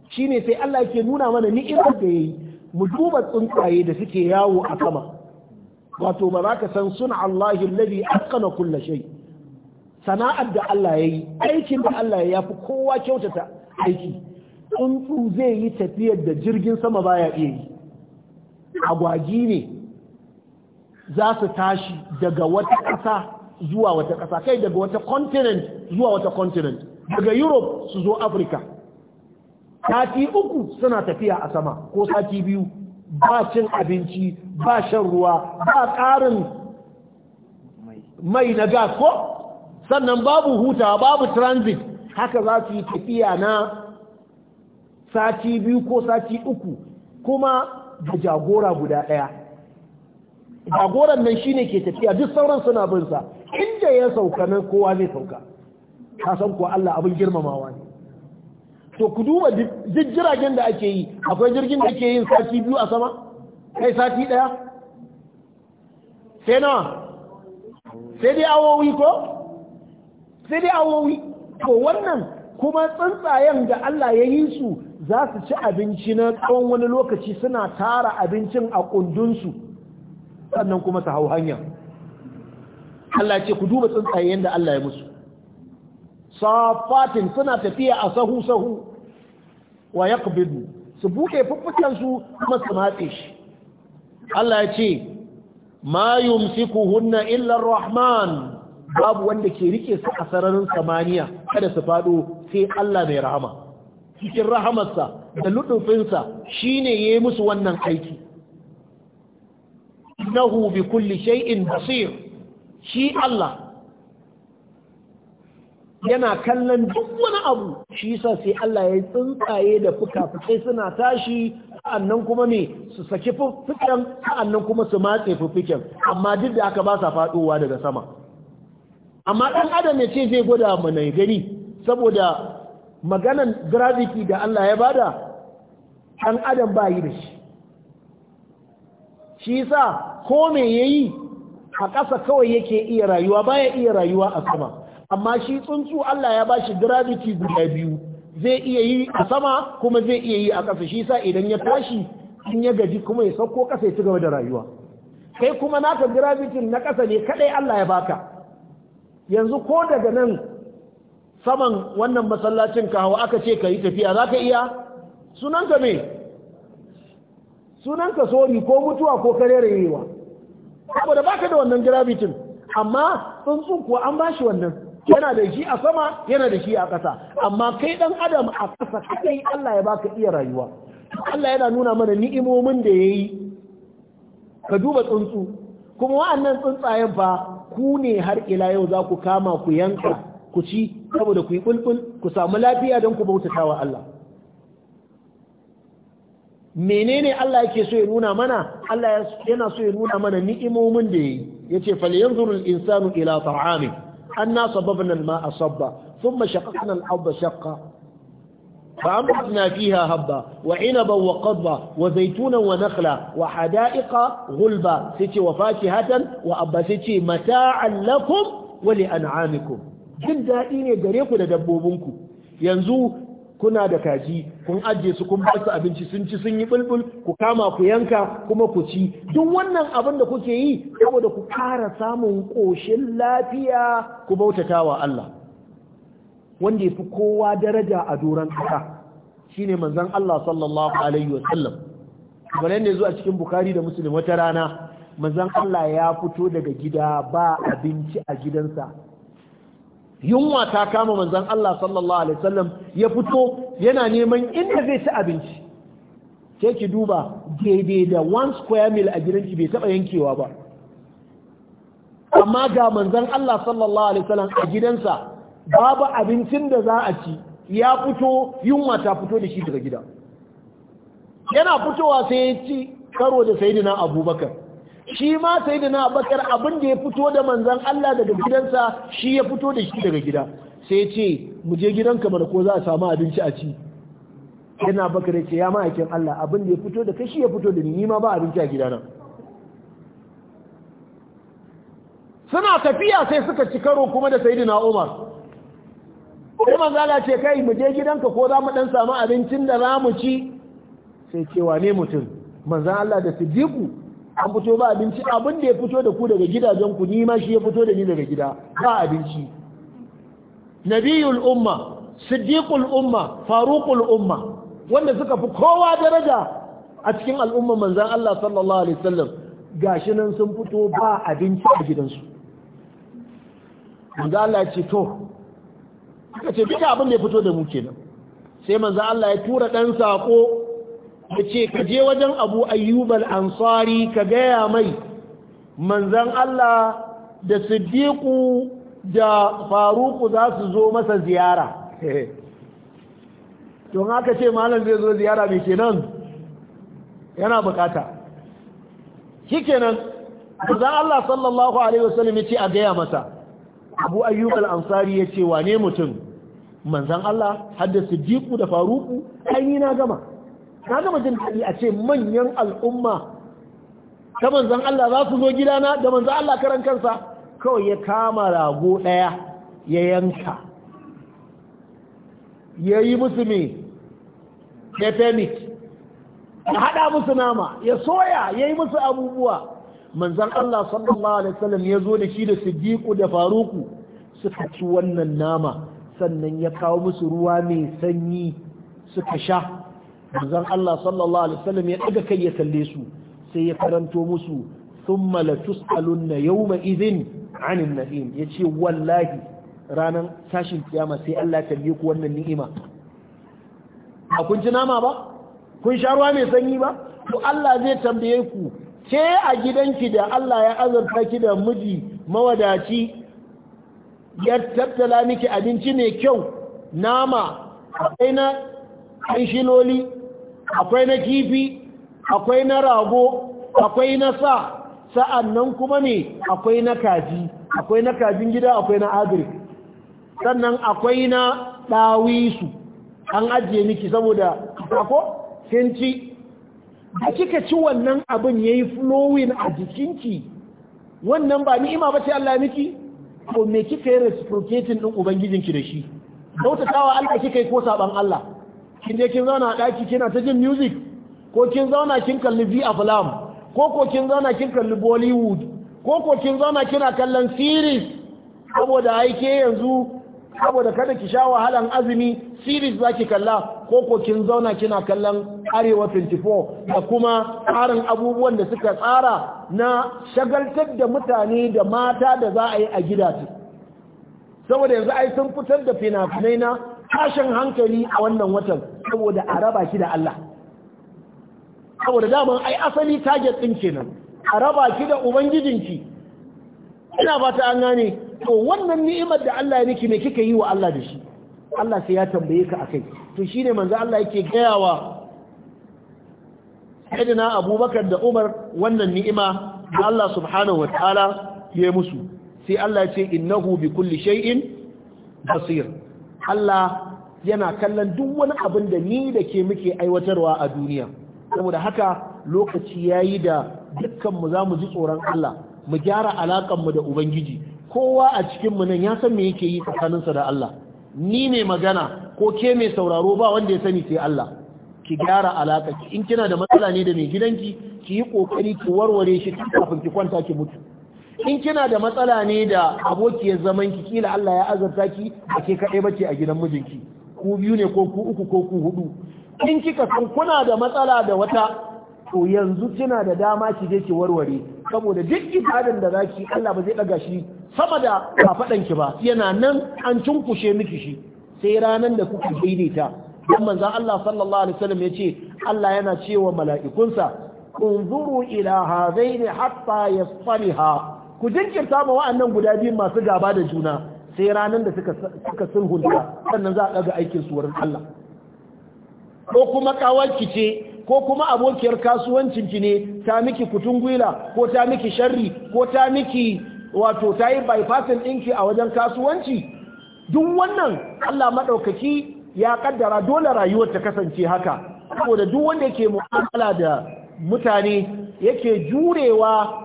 Shi ne sai Allah yake nuna mana ni'imar da yi mu duba tsuntsaye da suke yawo a sama wato ba za ka san suna Allahi ladi atqana kulla shai. sana'ar da Allah ya yi, aikin da Allah ya fi kowa kyautata aiki tsuntsu zai yi tafiyar da jirgin sama baya iya yi agwagi ne za su tashi daga wata ƙasa zuwa wata ƙasa kai daga wata kontinent zuwa wata kontinent daga europe su zo africa sati uku suna tafiya a sama ko sati biyu ba cin abinci ba shan ruwa ba ƙarin mai na gas ko sannan babu hutawa babu transit haka za su yi tafiya na sati biyu ko sati uku kuma da jagora guda ɗaya jagoran nan shine ke tafiya duk sauran suna bin sa inda ya sauka nan kowa zai sauka ka san ko Allah abin girmamawa ne to ku duba duk jiragen da ake yi akwai jirgin da ake yin sati biyu a sama kai sati daya sai nawa sai dai awowi ko sai dai awowi to wannan kuma tsuntsayen da Allah ya yi su za su ci abinci na tsawon wani lokaci suna tara abincin a kundunsu sannan kuma su hau hanya Allah ce ku duba tsuntsaye yadda Allah ya musu safatin suna tafiya a sahu sahu wa yaqbidu su buɗe fuffukan su kuma su matse shi Allah ya ce ma yumsikuhunna illa rahman babu wanda ke rike su a sararin samaniya kada su faɗo sai Allah mai rahama cikin rahamarsa da lutufinsa shine yayi musu wannan aiki innahu bi kulli shay'in basir shi Allah yana kallon duk wani abu shi yasa sai Allah ya tsuntsaye da fuka-fukai suna tashi sa'annan kuma ne su saki fufiken sa'annan kuma su matse fufiken amma duk da aka ba sa faɗowa daga sama amma ɗan adam ya ce zai gwada na gani saboda maganan graziki da Allah ya bada ɗan adam ba yi da shi shi yasa ko me yayi a ƙasa kawai yake iya rayuwa baya iya rayuwa a sama amma shi tsuntsu Allah ya bashi gravity guda biyu zai iya yi a sama kuma zai iya yi a ƙasa shi sa idan ya tashi in ya gaji kuma ya sauko ƙasa ya ci gaba da rayuwa kai kuma naka gravity na ƙasa ne kadai Allah ya baka yanzu ko daga nan saman wannan masallacin ka hawa aka ce ka yi tafiya za ka iya sunanka me sunanka sori ko mutuwa ko karerewa saboda baka da wannan gravity amma tsuntsun kuwa an ba shi wannan yana da shi a sama yana da shi a ƙasa amma kai ɗan adam a ƙasa kai Allah ya baka iya rayuwa Allah yana nuna mana ni'imomin da ya yi. ka duba tsuntsu kuma wa'annan tsuntsayen fa ku ne har ila yau za ku kama ku yanka ku ci saboda ku yi ƙulƙul, ku samu lafiya don ku bautata wa Allah menene Allah yake so ya nuna mana Allah yana so ya nuna mana ni'imomin da yayi yace fal yanzuru al insanu ila ta'ami anna sababna al ma'a sabba thumma shaqqana al ardha shaqqa fa amtsna fiha habba wa 'inaban wa qadba wa zaytuna wa nakhla wa hada'iqa ghulba sace wa fakihatan wa abba mata mata'an lakum wa li an'amikum jin dadi ne gare ku da dabbobin ku. yanzu kuna da kaji kun ajiye su kun basu abinci sun ci sun yi bulbul ku kama ku yanka kuma ku ci duk wannan abin da kuke yi saboda ku kara samun koshin lafiya ku bautata wa Allah wanda yafi kowa daraja a doron kasa shine manzon Allah sallallahu alaihi wasallam kamar ne zuwa cikin Bukhari da Muslim wata rana manzon Allah ya fito daga gida ba abinci a gidansa yunwa ta kama manzon Allah sallallahu alaihi wasallam ya fito yana neman inda zai ci abinci sai ki duba daidai da one square mil a gidanki bai taɓa yankewa ba amma ga manzon Allah sallallahu alaihi wasallam a gidansa babu abincin da za a ci ya fito yunwa ta fito da shi daga gida yana fitowa sai ya ci karo da sayyidina Abubakar shi ma sai da na bakar abin da ya fito da manzan Allah daga gidansa shi ya fito da shi daga gida sai ce mu je gidanka mana ko za a samu abinci a ci yana bakar ce ya ma'aikin Allah abin da ya fito da kai shi ya fito da ni ma ba abinci a gidana suna tafiya sai suka ci karo kuma da sayyidina Umar sai Allah ce kai mu je gidanka ko za mu dan samu abincin da za mu ci sai cewa ne mutum manzan Allah da Siddiqu an fito ba abinci abin da ya fito da ku daga gidajen ku ni ma shi ya fito da ni daga gida ba abinci nabiyul umma siddiqul umma faruqul umma wanda suka fi kowa daraja a cikin al'umma manzan Allah sallallahu alaihi wasallam gashi nan sun fito ba abinci a gidansu manzon Allah ya ce to suka ce duka abin da ya fito da mu kenan sai manzon Allah ya tura dan sako ya ce ka je wajen abu ayyubal ansari ka gaya mai manzan Allah da siddiƙu da faruku za su zo masa ziyara don (laughs) haka ce malam zai zo ziyara mai kenan yana bukata shi kenan manzan Allah sallallahu Alaihi wasallam ya ce a gaya masa abu ayyubal ansari ya ce wane mutum manzan Allah hadda siddiƙu da faruku an yi na gama na gama jin daɗi a ce manyan al'umma ta manzan Allah za su zo gidana da manzan Allah karan kansa kawai ya kama rago ɗaya ya yanka ya yi musu mai peppermint ya haɗa musu nama ya soya ya yi musu abubuwa manzan Allah sallallahu Alaihi wasallam ya zo da shi da siddiƙu da faruku suka ci wannan nama sannan ya kawo musu ruwa mai sanyi suka sha manzon Allah sallallahu alaihi wasallam ya daga kai ya kalle su sai ya karanto musu thumma la tusalunna yawma idhin anin na'im yace wallahi ranan tashin kiyama sai Allah ya tambaye ku wannan ni'ima a kun ci nama ba kun sha ruwa mai sanyi ba to Allah zai tambaye ku ce a gidanki da Allah ya azurta ki da miji mawadaci ya tattala miki abinci mai kyau nama akwai na loli. akwai na kifi akwai na rago akwai na sa sa'annan kuma ne akwai na kaji akwai na kajin gida akwai na agric sannan akwai na ɗawisu an ajiye miki saboda kako kinci ci da kika ci wannan abin ya yi fulowin a jikinki wannan ba ni'ima bace Allah miki ko me kika yi reciprocating din ubangijinki da shi dautatawa Allah kika yi ko saban Allah kin je kin zauna a ɗaki kina ta jin music ko kin zauna kin kalli vi aflam ko ko kin zauna kin kalli bollywood ko ko kin zauna kina kallon series saboda aike yanzu saboda kada ki sha wahalan azumi series zaki kalla ko ko kin zauna kina kallon arewa 24 da kuma tsarin abubuwan da suka tsara na shagaltar da mutane da mata da za a yi a gidaje saboda yanzu ai sun fitar da fina-finai na tashin hankali a wannan watan saboda a raba shi da Allah saboda daman ai asali target din kenan a raba ki da ubangijinki ina ba ta an gane to wannan ni'imar da Allah ya niki me kika yi wa Allah da shi Allah sai ya tambaye ka a akai to shine manzo Allah yake wa sayyidina Abubakar da Umar wannan ni'ima da Allah subhanahu wataala ya musu sai Allah ya ce innahu bi kulli shay'in basir Allah yana kallon duk wani abin da ni da ke muke aiwatarwa a duniya saboda haka lokaci yayi da dukkanmu za mu ji tsoron Allah mu gyara alaƙanmu da Ubangiji kowa a cikinmu nan ya san me yake yi tsakaninsa da Allah ni ne magana ko ke mai sauraro ba wanda ya sani sai Allah ki gyara alaƙa in kina da matsala ne da mai gidanki ki yi ƙoƙari ki warware shi kafin ki kwanta ki mutu in kina da matsala ne da abokiyar zaman ki kila Allah ya azarta ki a ke kaɗai bace a gidan mijinki ku biyu ne ko ku uku ko ku hudu in kika san kuna da matsala da wata to yanzu kina da dama ki je ki warware saboda duk ibadan da zaki Allah ba zai daga shi sama da kafadan ki ba yana nan an cunkushe miki shi sai ranan da kuka daidaita dan manzon Allah sallallahu alaihi wasallam yace Allah yana cewa mala'ikunsa unzuru ila hadaini hatta yasfaliha ku jinkirta ma wa'annan guda biyu masu gaba da juna sai ranar da suka suka sulhunta sannan za a ɗaga aikin su wurin Allah ko kuma kawarki ce ko kuma abokiyar kasuwancin ki ne ta miki kutun gwila ko ta miki sharri ko ta miki wato ta yi bypassing ɗinki a wajen kasuwanci duk wannan Allah maɗaukaki ya ƙaddara, dole rayuwar ta kasance haka saboda duk wanda yake mu'amala da mutane yake jurewa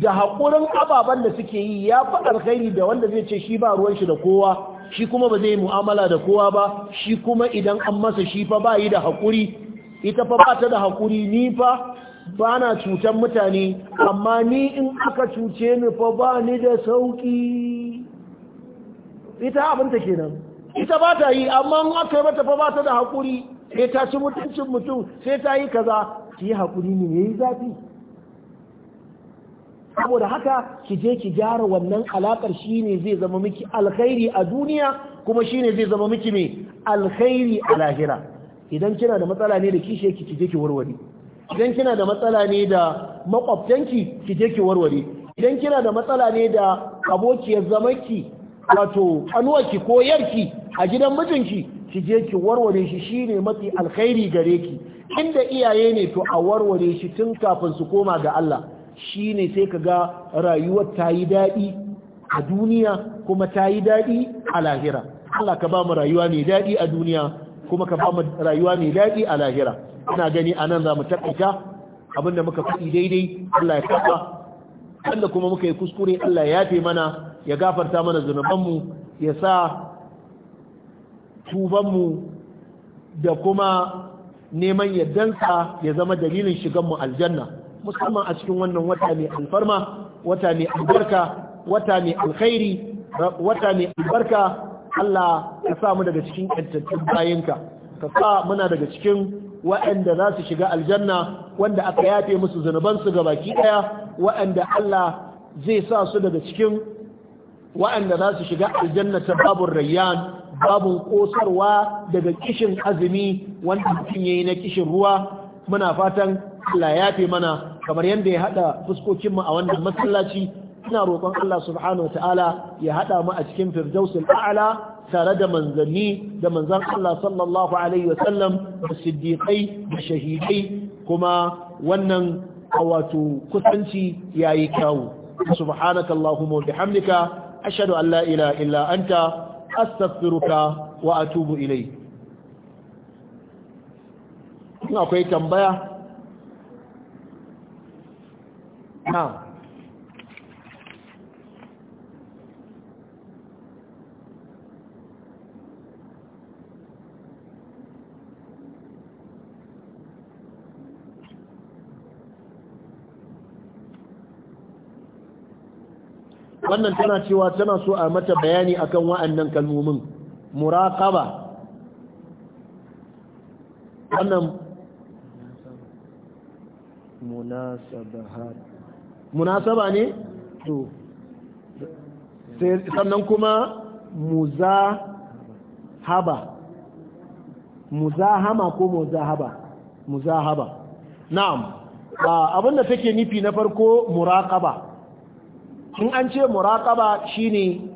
da haƙurin ababen da suke yi ya fi alkhairi da wanda zai ce shi ba ruwan shi da kowa shi kuma ba zai mu'amala da kowa ba shi kuma idan an masa shi fa ba yi da haƙuri ita fa ba ta da haƙuri ni fa ba na cutar mutane amma ni in aka cuce ni fa ba ni da sauƙi ita abinta kenan ita ba ta yi amma in aka yi mata fa ba ta da haƙuri sai ta ci mutuncin mutum sai ta yi kaza ki haƙuri ne ya yi zafi saboda haka ki je ki gyara wannan alakar ne zai zama miki alkhairi a duniya kuma shi ne zai zama miki mai alkhairi a lahira idan kina da matsala ne da kishe ki ki je ki warware idan kina da matsala ne da makwabtanki ki je ki warware idan kina da matsala ne da abokiyar zamanki wato kanuwarki ko yarki a gidan mijinki ki je ki warware shi shine mafi alkhairi gare ki inda iyaye ne to a warware shi tun kafin su koma ga Allah Shi ne sai ka ga rayuwar ta yi daɗi a duniya kuma ta yi daɗi a lahira Allah ka ba mu rayuwa mai daɗi a duniya kuma ka ba mu rayuwa mai daɗi a lahira ina gani a nan za mu taƙaita abinda muka faɗi daidai Allah ya taɓa wanda kuma muka yi kuskure Allah ya yafe mana ya gafarta mana zunubanmu ya sa tubanmu da kuma neman yardansa ya zama dalilin shigan mu aljanna musamman a cikin wannan wata mai alfarma wata mai albarka wata mai alkhairi wata mai albarka Allah ka sa mu daga cikin ƙantattun bayanka ka sa muna daga cikin waɗanda za su shiga aljanna wanda aka yafe musu zunubansu ga baki ɗaya waɗanda Allah zai sa su daga cikin waɗanda za su shiga aljanna ta babun rayyan babun ƙosarwa daga kishin azumi wanda mutum ya yi na kishin ruwa muna fatan Allah ya yafe mana kamar yadda ya haɗa fuskokinmu a wannan masallaci ina roƙon Allah subhanahu ta'ala ya haɗa mu a cikin firdausul a'la tare da manzanni da manzan Allah sallallahu alaihi sallam da siddiqai da shahidai kuma wannan wato kusanci yayi kyawu subhanakallahumma wa bihamdika ashhadu an la ilaha illa anta astaghfiruka wa atubu ilayk akwai tambaya wannan tana cewa tana so a mata bayani akan wa'annan kalmomin muraqaba wannan munasabahat munasaba ne to sannan kuma muza Muza muzahama ko muzahaba muzahaba na'am abinda take nufi na farko muraqaba in an ce muraqaba shine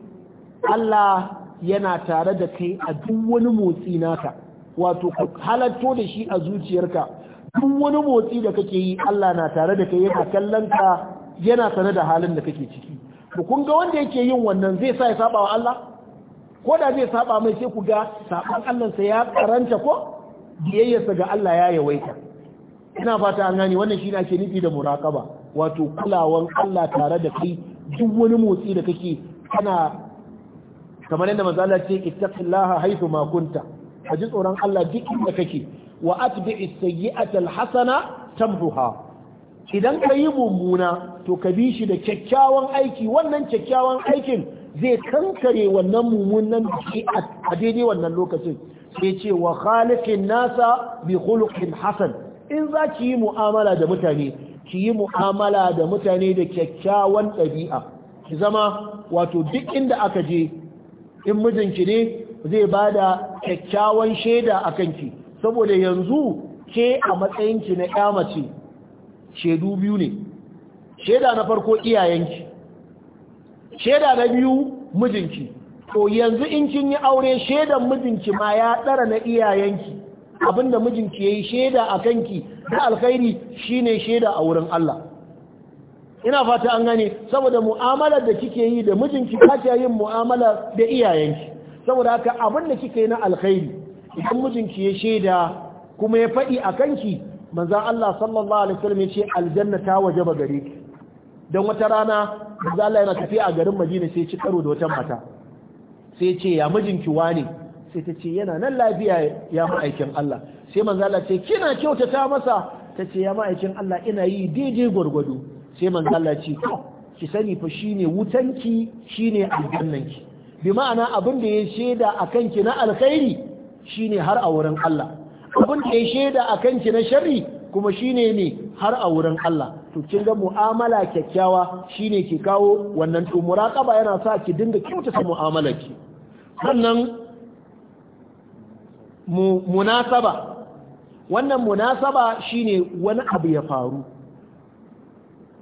Allah yana tare da kai a duk wani motsi naka wato halatto da shi a zuciyarka duk wani motsi da kake yi Allah na tare da kai yana kallon ka yana sane da halin da kake ciki ko kun ga wanda yake yin wannan zai sa ya saba wa Allah ko da zai saba mai sai ku ga saban Allah sa ya karanta ko biyayyarsa ga Allah ya yawaita ina fata an gani wannan shine ake nufi da muraqaba wato kulawan Allah tare da kai duk wani motsi da kake kana kamar yadda manzo Allah ce ittaqillaha haythu ma kunta ji tsoron Allah duk inda kake wa atbi'is sayyi'atal Hassana tamhuha idan ka yi mummuna to ka bi shi da kyakkyawan aiki wannan kyakkyawan aikin zai kankare wannan mummunan shi a daidai wannan lokacin sai ce wa khalifin nasa bi hulukin Hassan. in za ki yi mu'amala da mutane ki yi mu'amala da mutane da kyakkyawan ɗabi'a ki zama wato duk inda aka je in mijinki ne zai ba da kyakkyawan shaida a kanki saboda yanzu ke a matsayinki na ƴa mace shaidu biyu ne shaida na farko iyayenki shaida na biyu mijinki to yanzu in kin yi aure shaidan mijinki ma ya tsara na iyayenki abinda mijinki yayi shaida a kanki na alkhairi shine shaida a wurin Allah ina fata an gane saboda mu'amalar da kike yi da mijinki kake yin mu'amala da iyayenki saboda haka abinda kike yi na alkhairi idan mijinki ya shaida kuma ya faɗi a kanki manzan Allah sallallahu alaihi wasallam ya ce aljanna ta waje ba gare ki don wata rana manzan Allah yana tafiya a garin majina sai ci karo da wata mata sai ce ya mijinki wane sai ta ce yana nan lafiya ya ma'aikin Allah sai manzan Allah ce kina kyautata masa ta ce ya ma'aikin Allah ina yi daidai gwargwado sai manzan Allah ce ki sani fa shine wutanki shine aljannanki bi ma'ana abin da ya shaida akan ki na alkhairi shine har a wurin Allah abin da ya shaida a kanki na shar'i kuma shi ne har a wurin Allah to kin ga mu'amala kyakkyawa shi ne ki kawo wannan to muraqaba yana sa ki dinga mu'amala ki sannan munasaba wannan munasaba ne wani abu ya faru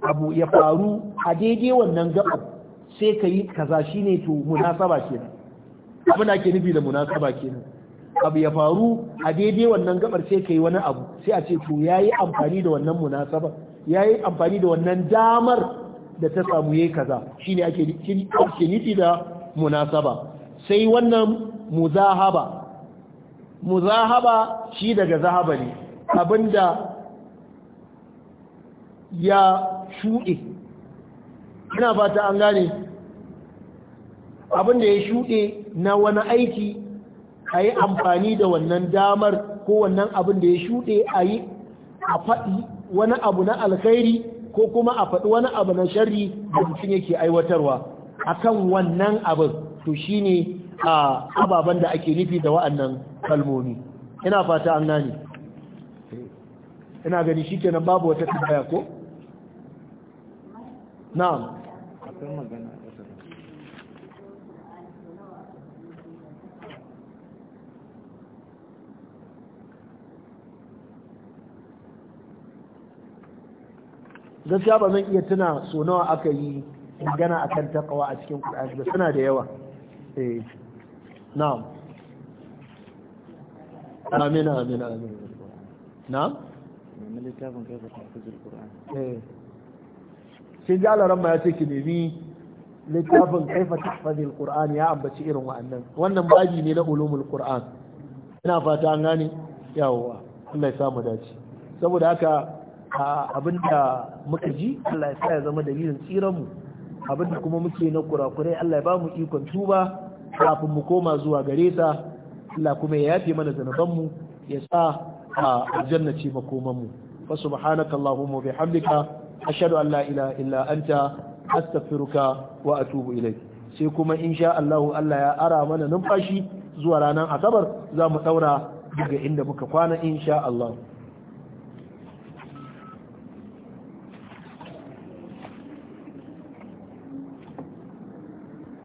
abu ya faru a daidai wannan gaɓar sai ka yi kaza shi ne to munasaba kenan abin da ake nufi da munasaba kenan abu ya faru a daidai wannan gabar sai kai wani abu sai a ce to yayi amfani da wannan munasaba yayi amfani da wannan damar da ta samu yayi kaza shine ake ake nufi da munasaba sai wannan muzahaba muzahaba shi daga zahaba ne abinda ya shuɗe ina fata an gane abinda ya shuɗe na wani aiki a yi amfani da wannan damar ko wannan abin da ya shuɗe a yi a faɗi wani abu na alkhairi ko kuma a faɗi wani abu na shari da mutum yake aiwatarwa akan wannan abin to shi ne a ababen da ake nufi da wa'annan kalmomi ina fata an gani ina gani nan babu wata tambaya ko na'am akwai magana gaskiya ba zan iya tuna so nawa aka yi magana akan taqwa a cikin Qur'ani ba suna da yawa eh na'am amina amina amina na'am na littafin kai ba ta fuzul Qur'ani eh sai ya ce ki nemi littafin kaifa tahfazil qur'an ya ambaci irin wa'annan wannan babi ne na ulumul qur'an ina fata an gane yawowa Allah ya samu dace saboda haka abinda muka ji Allah ya sa ya zama dalilin tsiranmu abinda kuma muke na kurakurai Allah ya ba mu ikon tuba kafin mu koma zuwa gare ta Allah kuma ya yafe mana zanabanmu ya sa a aljanna ce makomanmu fa subhanaka allahumma bihamdika ashhadu an la ilaha illa anta astaghfiruka wa atubu ilayk sai kuma insha Allah Allah ya ara mana numfashi zuwa ranar asabar za mu daura daga inda muka kwana insha Allah